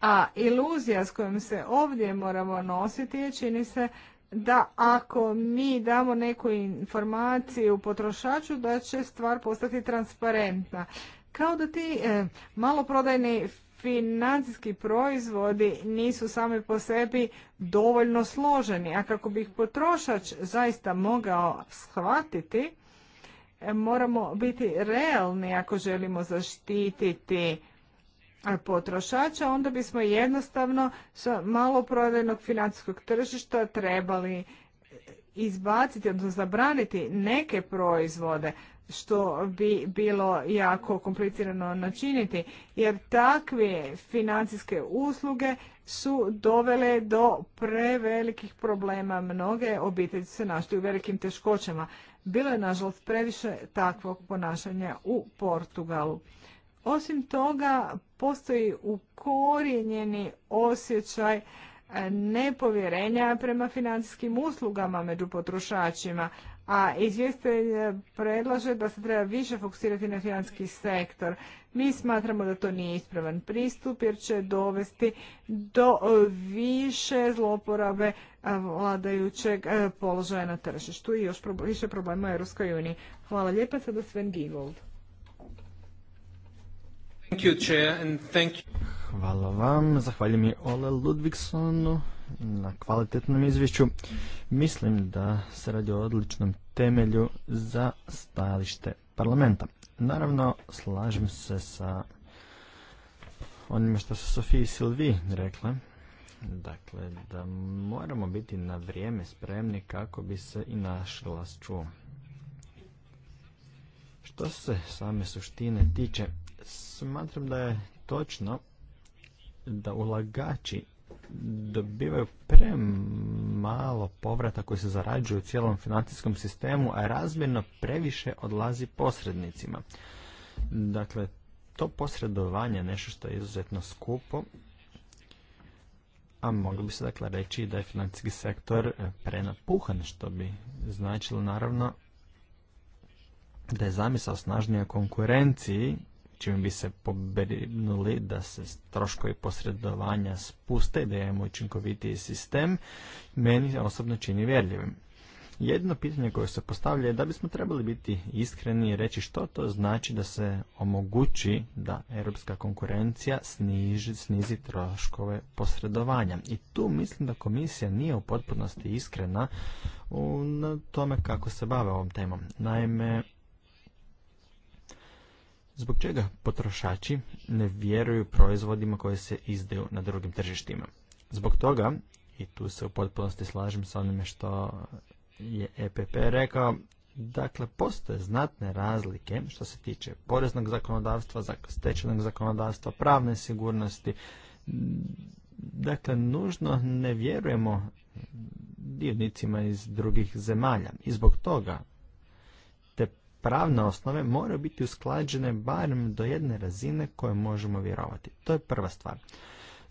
A iluzija s kojom se ovdje moramo nositi je čini se da ako mi damo neku informaciju potrošaču da će stvar postati transparentna. Kao da ti eh, maloprodajni financijski proizvodi nisu sami po sebi dovoljno složeni, a kako bi ih potrošač zaista mogao shvatiti, e, moramo biti realni ako želimo zaštititi potrošača, onda bismo jednostavno sa maloprodajnog financijskog tržišta trebali izbaciti, odnosno zabraniti neke proizvode što bi bilo jako komplicirano načiniti, jer takve financijske usluge su dovele do prevelikih problema. Mnoge obitelji se našli u velikim teškoćama. Bilo je, nažalost, previše takvog ponašanja u Portugalu. Osim toga, postoji ukorjenjeni osjećaj e, nepovjerenja prema financijskim uslugama među potrošačima, a izvjestitelj predlaže da se treba više fokusirati na financijski sektor. Mi smatramo da to nije ispravan pristup jer će dovesti do više zloporabe vladajućeg e, položaja na tržištu i još više problema u Europskoj uniji. Hvala lijepa sada Sven Giegold. Hvala vam, zahvaljujem Ole Ludvigsonu na kvalitetnom izvješću. Mislim da se radi o odličnom temelju za stajalište parlamenta. Naravno, slažem se sa onime što su Sofija i Silvi rekla. Dakle, da moramo biti na vrijeme spremni kako bi se i naš glas čuo. Što se same suštine tiče, smatram da je točno da ulagači dobivaju premalo povrata koji se zarađuju u cijelom financijskom sistemu, a razmjerno previše odlazi posrednicima. Dakle, to posredovanje je nešto što je izuzetno skupo, a mogli bi se dakle reći da je financijski sektor e, prenapuhan, što bi značilo naravno da je zamisao snažnije konkurenciji čime bi se pobrinuli da se troškovi posredovanja spuste i da imamo učinkovitiji sistem, meni osobno čini vjerljivim. Jedno pitanje koje se postavlja je da bismo trebali biti iskreni i reći što to znači da se omogući da europska konkurencija sniži, snizi troškove posredovanja. I tu mislim da komisija nije u potpunosti iskrena u tome kako se bave ovom temom. Naime, Zbog čega potrošači ne vjeruju proizvodima koje se izdaju na drugim tržištima? Zbog toga, i tu se u potpunosti slažem sa onime što je EPP rekao, dakle postoje znatne razlike što se tiče poreznog zakonodavstva, stečenog zakonodavstva, pravne sigurnosti. Dakle, nužno ne vjerujemo dionicima iz drugih zemalja i zbog toga pravne osnove moraju biti usklađene barem do jedne razine koje možemo vjerovati. To je prva stvar.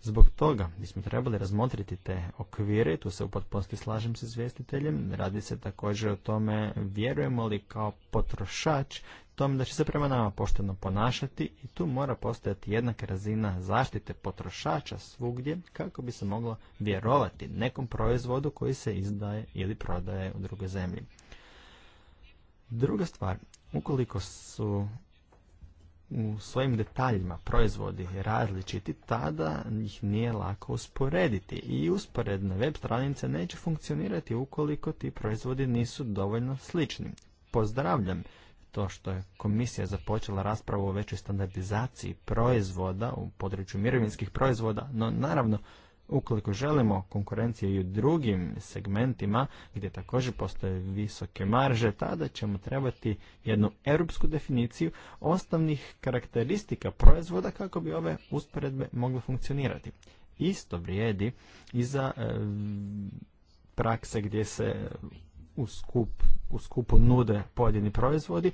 Zbog toga bismo trebali razmotriti te okvire, tu se u potpunosti slažem sa izvjestiteljem, radi se također o tome vjerujemo li kao potrošač tome da će se prema nama pošteno ponašati i tu mora postojati jednaka razina zaštite potrošača svugdje kako bi se moglo vjerovati nekom proizvodu koji se izdaje ili prodaje u drugoj zemlji. Druga stvar, ukoliko su u svojim detaljima proizvodi različiti, tada ih nije lako usporediti i usporedne web stranice neće funkcionirati ukoliko ti proizvodi nisu dovoljno slični. Pozdravljam to što je komisija započela raspravu o većoj standardizaciji proizvoda u području mirovinskih proizvoda, no naravno Ukoliko želimo konkurencije i u drugim segmentima gdje također postoje visoke marže, tada ćemo trebati jednu europsku definiciju osnovnih karakteristika proizvoda kako bi ove usporedbe mogle funkcionirati. Isto vrijedi i za eh, prakse gdje se u, skup, skupu nude pojedini proizvodi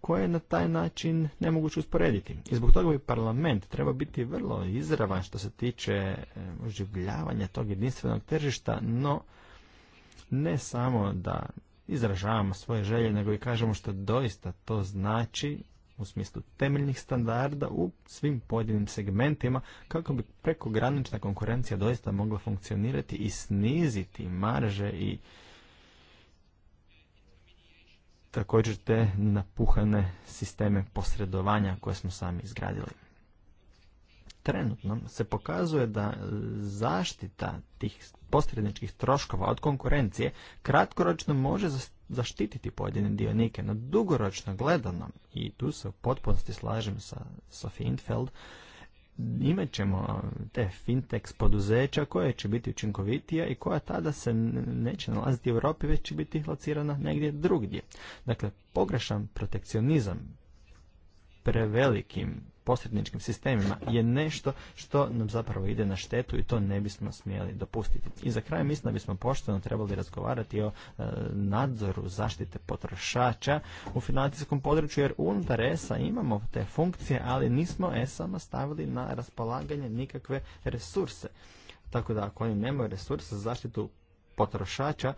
koje na taj način nemoguće usporediti. I zbog toga bi parlament treba biti vrlo izravan što se tiče e, oživljavanja tog jedinstvenog tržišta, no ne samo da izražavamo svoje želje, nego i kažemo što doista to znači u smislu temeljnih standarda u svim pojedinim segmentima kako bi prekogranična konkurencija doista mogla funkcionirati i sniziti marže i također te napuhane sisteme posredovanja koje smo sami izgradili. Trenutno se pokazuje da zaštita tih posredničkih troškova od konkurencije kratkoročno može zaštititi pojedine dionike, no dugoročno gledano, i tu se u potpunosti slažem sa Sophie Infeld, imat ćemo te fintech poduzeća koje će biti učinkovitija i koja tada se neće nalaziti u Europi, već će biti locirana negdje drugdje. Dakle, pogrešan protekcionizam prevelikim posredničkim sistemima je nešto što nam zapravo ide na štetu i to ne bismo smjeli dopustiti. I za kraj mislim da bismo pošteno trebali razgovarati o e, nadzoru zaštite potrošača u financijskom području jer unutar ESA imamo te funkcije, ali nismo ESA-ma stavili na raspolaganje nikakve resurse. Tako da ako oni nemaju resurse za zaštitu potrošača,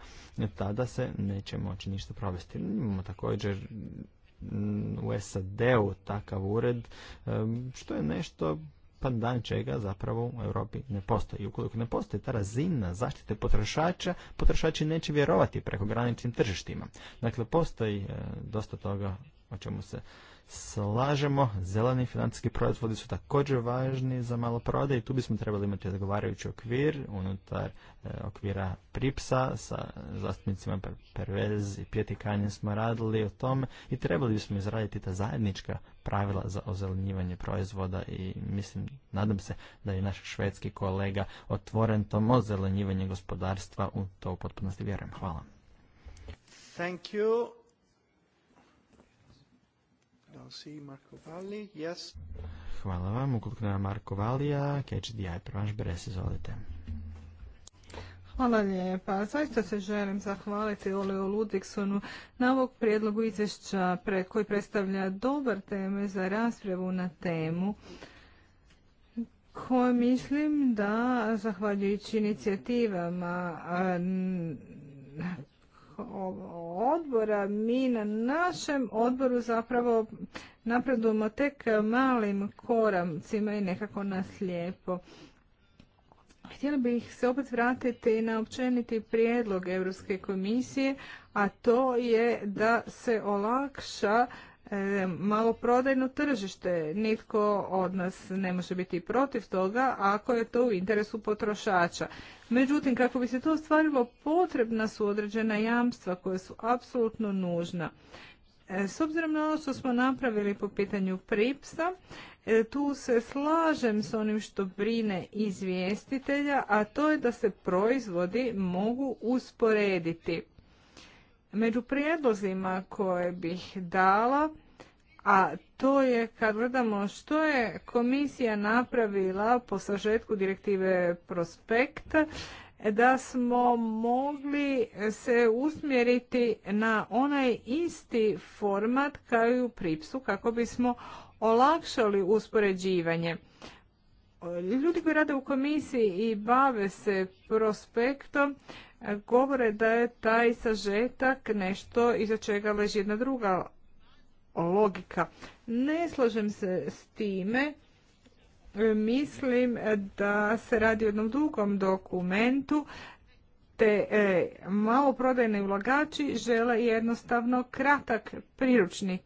tada se neće moći ništa provesti. Imamo također Mm, u SAD-u takav ured, što je nešto pandan čega zapravo u Europi ne postoji. I ukoliko ne postoji ta razina zaštite potrošača, potrošači neće vjerovati preko graničnim tržištima. Dakle, postoji eh, dosta toga o čemu se slažemo. Zeleni financijski proizvodi su također važni za prode i tu bismo trebali imati odgovarajući okvir unutar e, okvira Pripsa sa zastupnicima Pervez i Pjetikanje smo radili o tome i trebali bismo izraditi ta zajednička pravila za ozelenjivanje proizvoda i mislim, nadam se da je naš švedski kolega otvoren tom ozelenjivanje gospodarstva u to u potpunosti vjerujem. Hvala. Thank you. I'll Marko Valli. Yes. Hvala vam. Ukoliko nema Marko Valija, Catch the Eye, prvaš Beres, izvolite. Hvala lijepa. Zaista se želim zahvaliti Oleo Ludiksonu na ovog prijedlogu izvješća pre koji predstavlja dobar teme za raspravu na temu koja mislim da zahvaljujući inicijativama odbora, mi na našem odboru zapravo napredujemo tek malim koramcima i nekako naslijepo. Htjela bih se opet vratiti na općeniti prijedlog Europske komisije, a to je da se olakša E, Malo prodajno tržište. Nitko od nas ne može biti protiv toga ako je to u interesu potrošača. Međutim, kako bi se to ostvarilo, potrebna su određena jamstva koja su apsolutno nužna. E, s obzirom na ono što smo napravili po pitanju pripsa, e, tu se slažem s onim što brine izvjestitelja, a to je da se proizvodi mogu usporediti među prijedlozima koje bih dala, a to je kad gledamo što je komisija napravila po sažetku direktive Prospekt, da smo mogli se usmjeriti na onaj isti format kao i u Pripsu kako bismo olakšali uspoređivanje. Ljudi koji rade u komisiji i bave se prospektom govore da je taj sažetak nešto iza čega leži jedna druga logika. Ne slažem se s time. Mislim da se radi o jednom dugom dokumentu te e, malo prodajni ulagači žele jednostavno kratak priručnik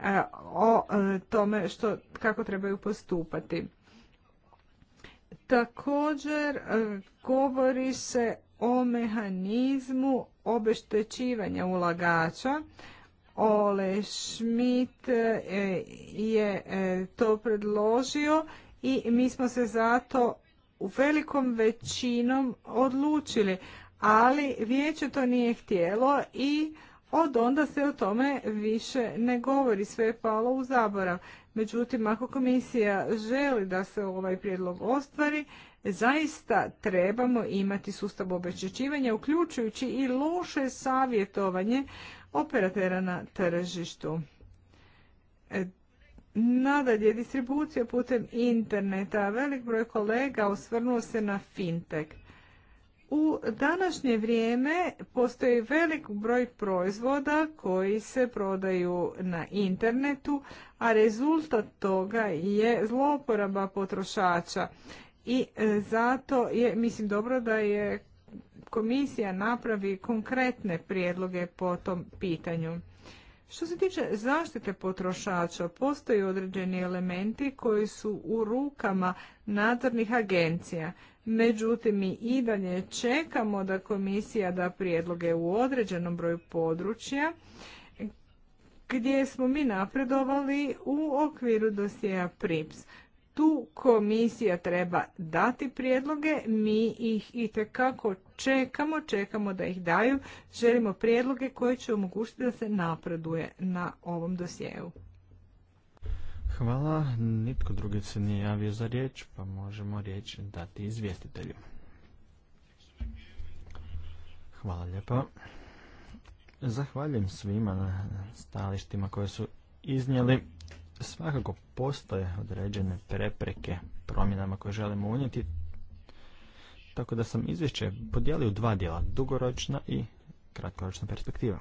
e, o e, tome što, kako trebaju postupati. Također govori se o mehanizmu obeštećivanja ulagača. Ole Schmidt e, je e, to predložio i mi smo se zato u velikom većinom odlučili, ali vijeće to nije htjelo i od onda se o tome više ne govori, sve je palo u zaborav. Međutim, ako komisija želi da se ovaj prijedlog ostvari, zaista trebamo imati sustav obeštećivanja, uključujući i loše savjetovanje operatera na tržištu. E, nadalje, distribucija putem interneta. Velik broj kolega osvrnuo se na fintech. U današnje vrijeme postoji velik broj proizvoda koji se prodaju na internetu, a rezultat toga je zloporaba potrošača. I e, zato je, mislim, dobro da je komisija napravi konkretne prijedloge po tom pitanju. Što se tiče zaštite potrošača, postoje određeni elementi koji su u rukama nadzornih agencija. Međutim, mi i dalje čekamo da komisija da prijedloge u određenom broju područja gdje smo mi napredovali u okviru dosjeja PRIPS. Tu komisija treba dati prijedloge, mi ih i tekako čekamo, čekamo da ih daju, želimo prijedloge koji će omogućiti da se napreduje na ovom dosjeu. Hvala. Nitko drugi se nije javio za riječ, pa možemo riječ dati izvjestitelju. Hvala lijepa. Zahvaljujem svima na stalištima koje su iznijeli. Svakako postoje određene prepreke promjenama koje želimo unijeti, tako da sam izvješće podijelio u dva dijela, dugoročna i kratkoročna perspektiva.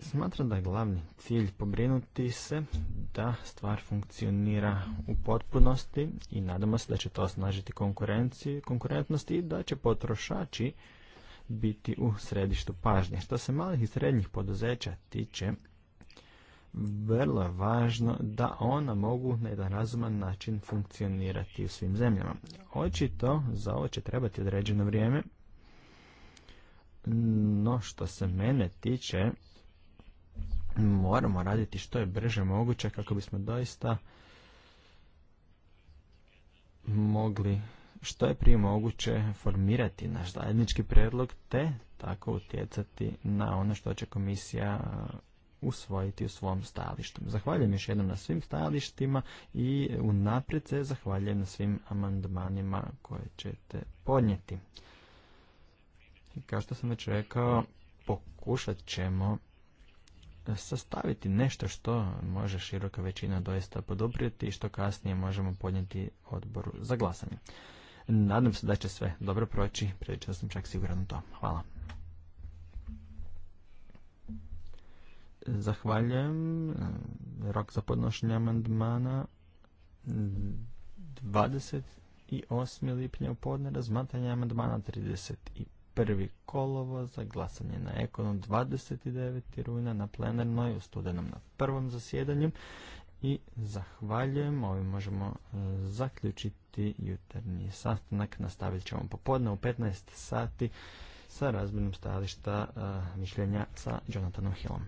Smatram da je glavni cilj pobrinuti se da stvar funkcionira u potpunosti i nadamo se da će to osnažiti konkurentnost i da će potrošači biti u središtu pažnje. Što se malih i srednjih poduzeća tiče, vrlo je važno da ona mogu na jedan razuman način funkcionirati u svim zemljama. Očito za ovo će trebati određeno vrijeme, no što se mene tiče, moramo raditi što je brže moguće kako bismo doista mogli što je prije moguće formirati naš zajednički predlog te tako utjecati na ono što će komisija usvojiti u svom stajalištu. Zahvaljujem još jednom na svim stajalištima i unaprijed se zahvaljujem na svim amandmanima koje ćete podnijeti. Kao što sam već rekao, pokušat ćemo sastaviti nešto što može široka većina doista poduprijeti i što kasnije možemo podnijeti odboru za glasanje. Nadam se da će sve dobro proći, prilično sam čak siguran u to. Hvala. Zahvaljujem. Rok za podnošenje amandmana 28. lipnja u podne razmatanje amandmana 31 prvi kolovo za glasanje na ekonom 29. rujna na plenarnoj u studenom na prvom zasjedanju i zahvaljujem. Ovim možemo e, zaključiti jutarnji sastanak. Nastavit ćemo popodne u 15 sati sa razmjenom stajališta e, mišljenja sa Jonathanom Hillom.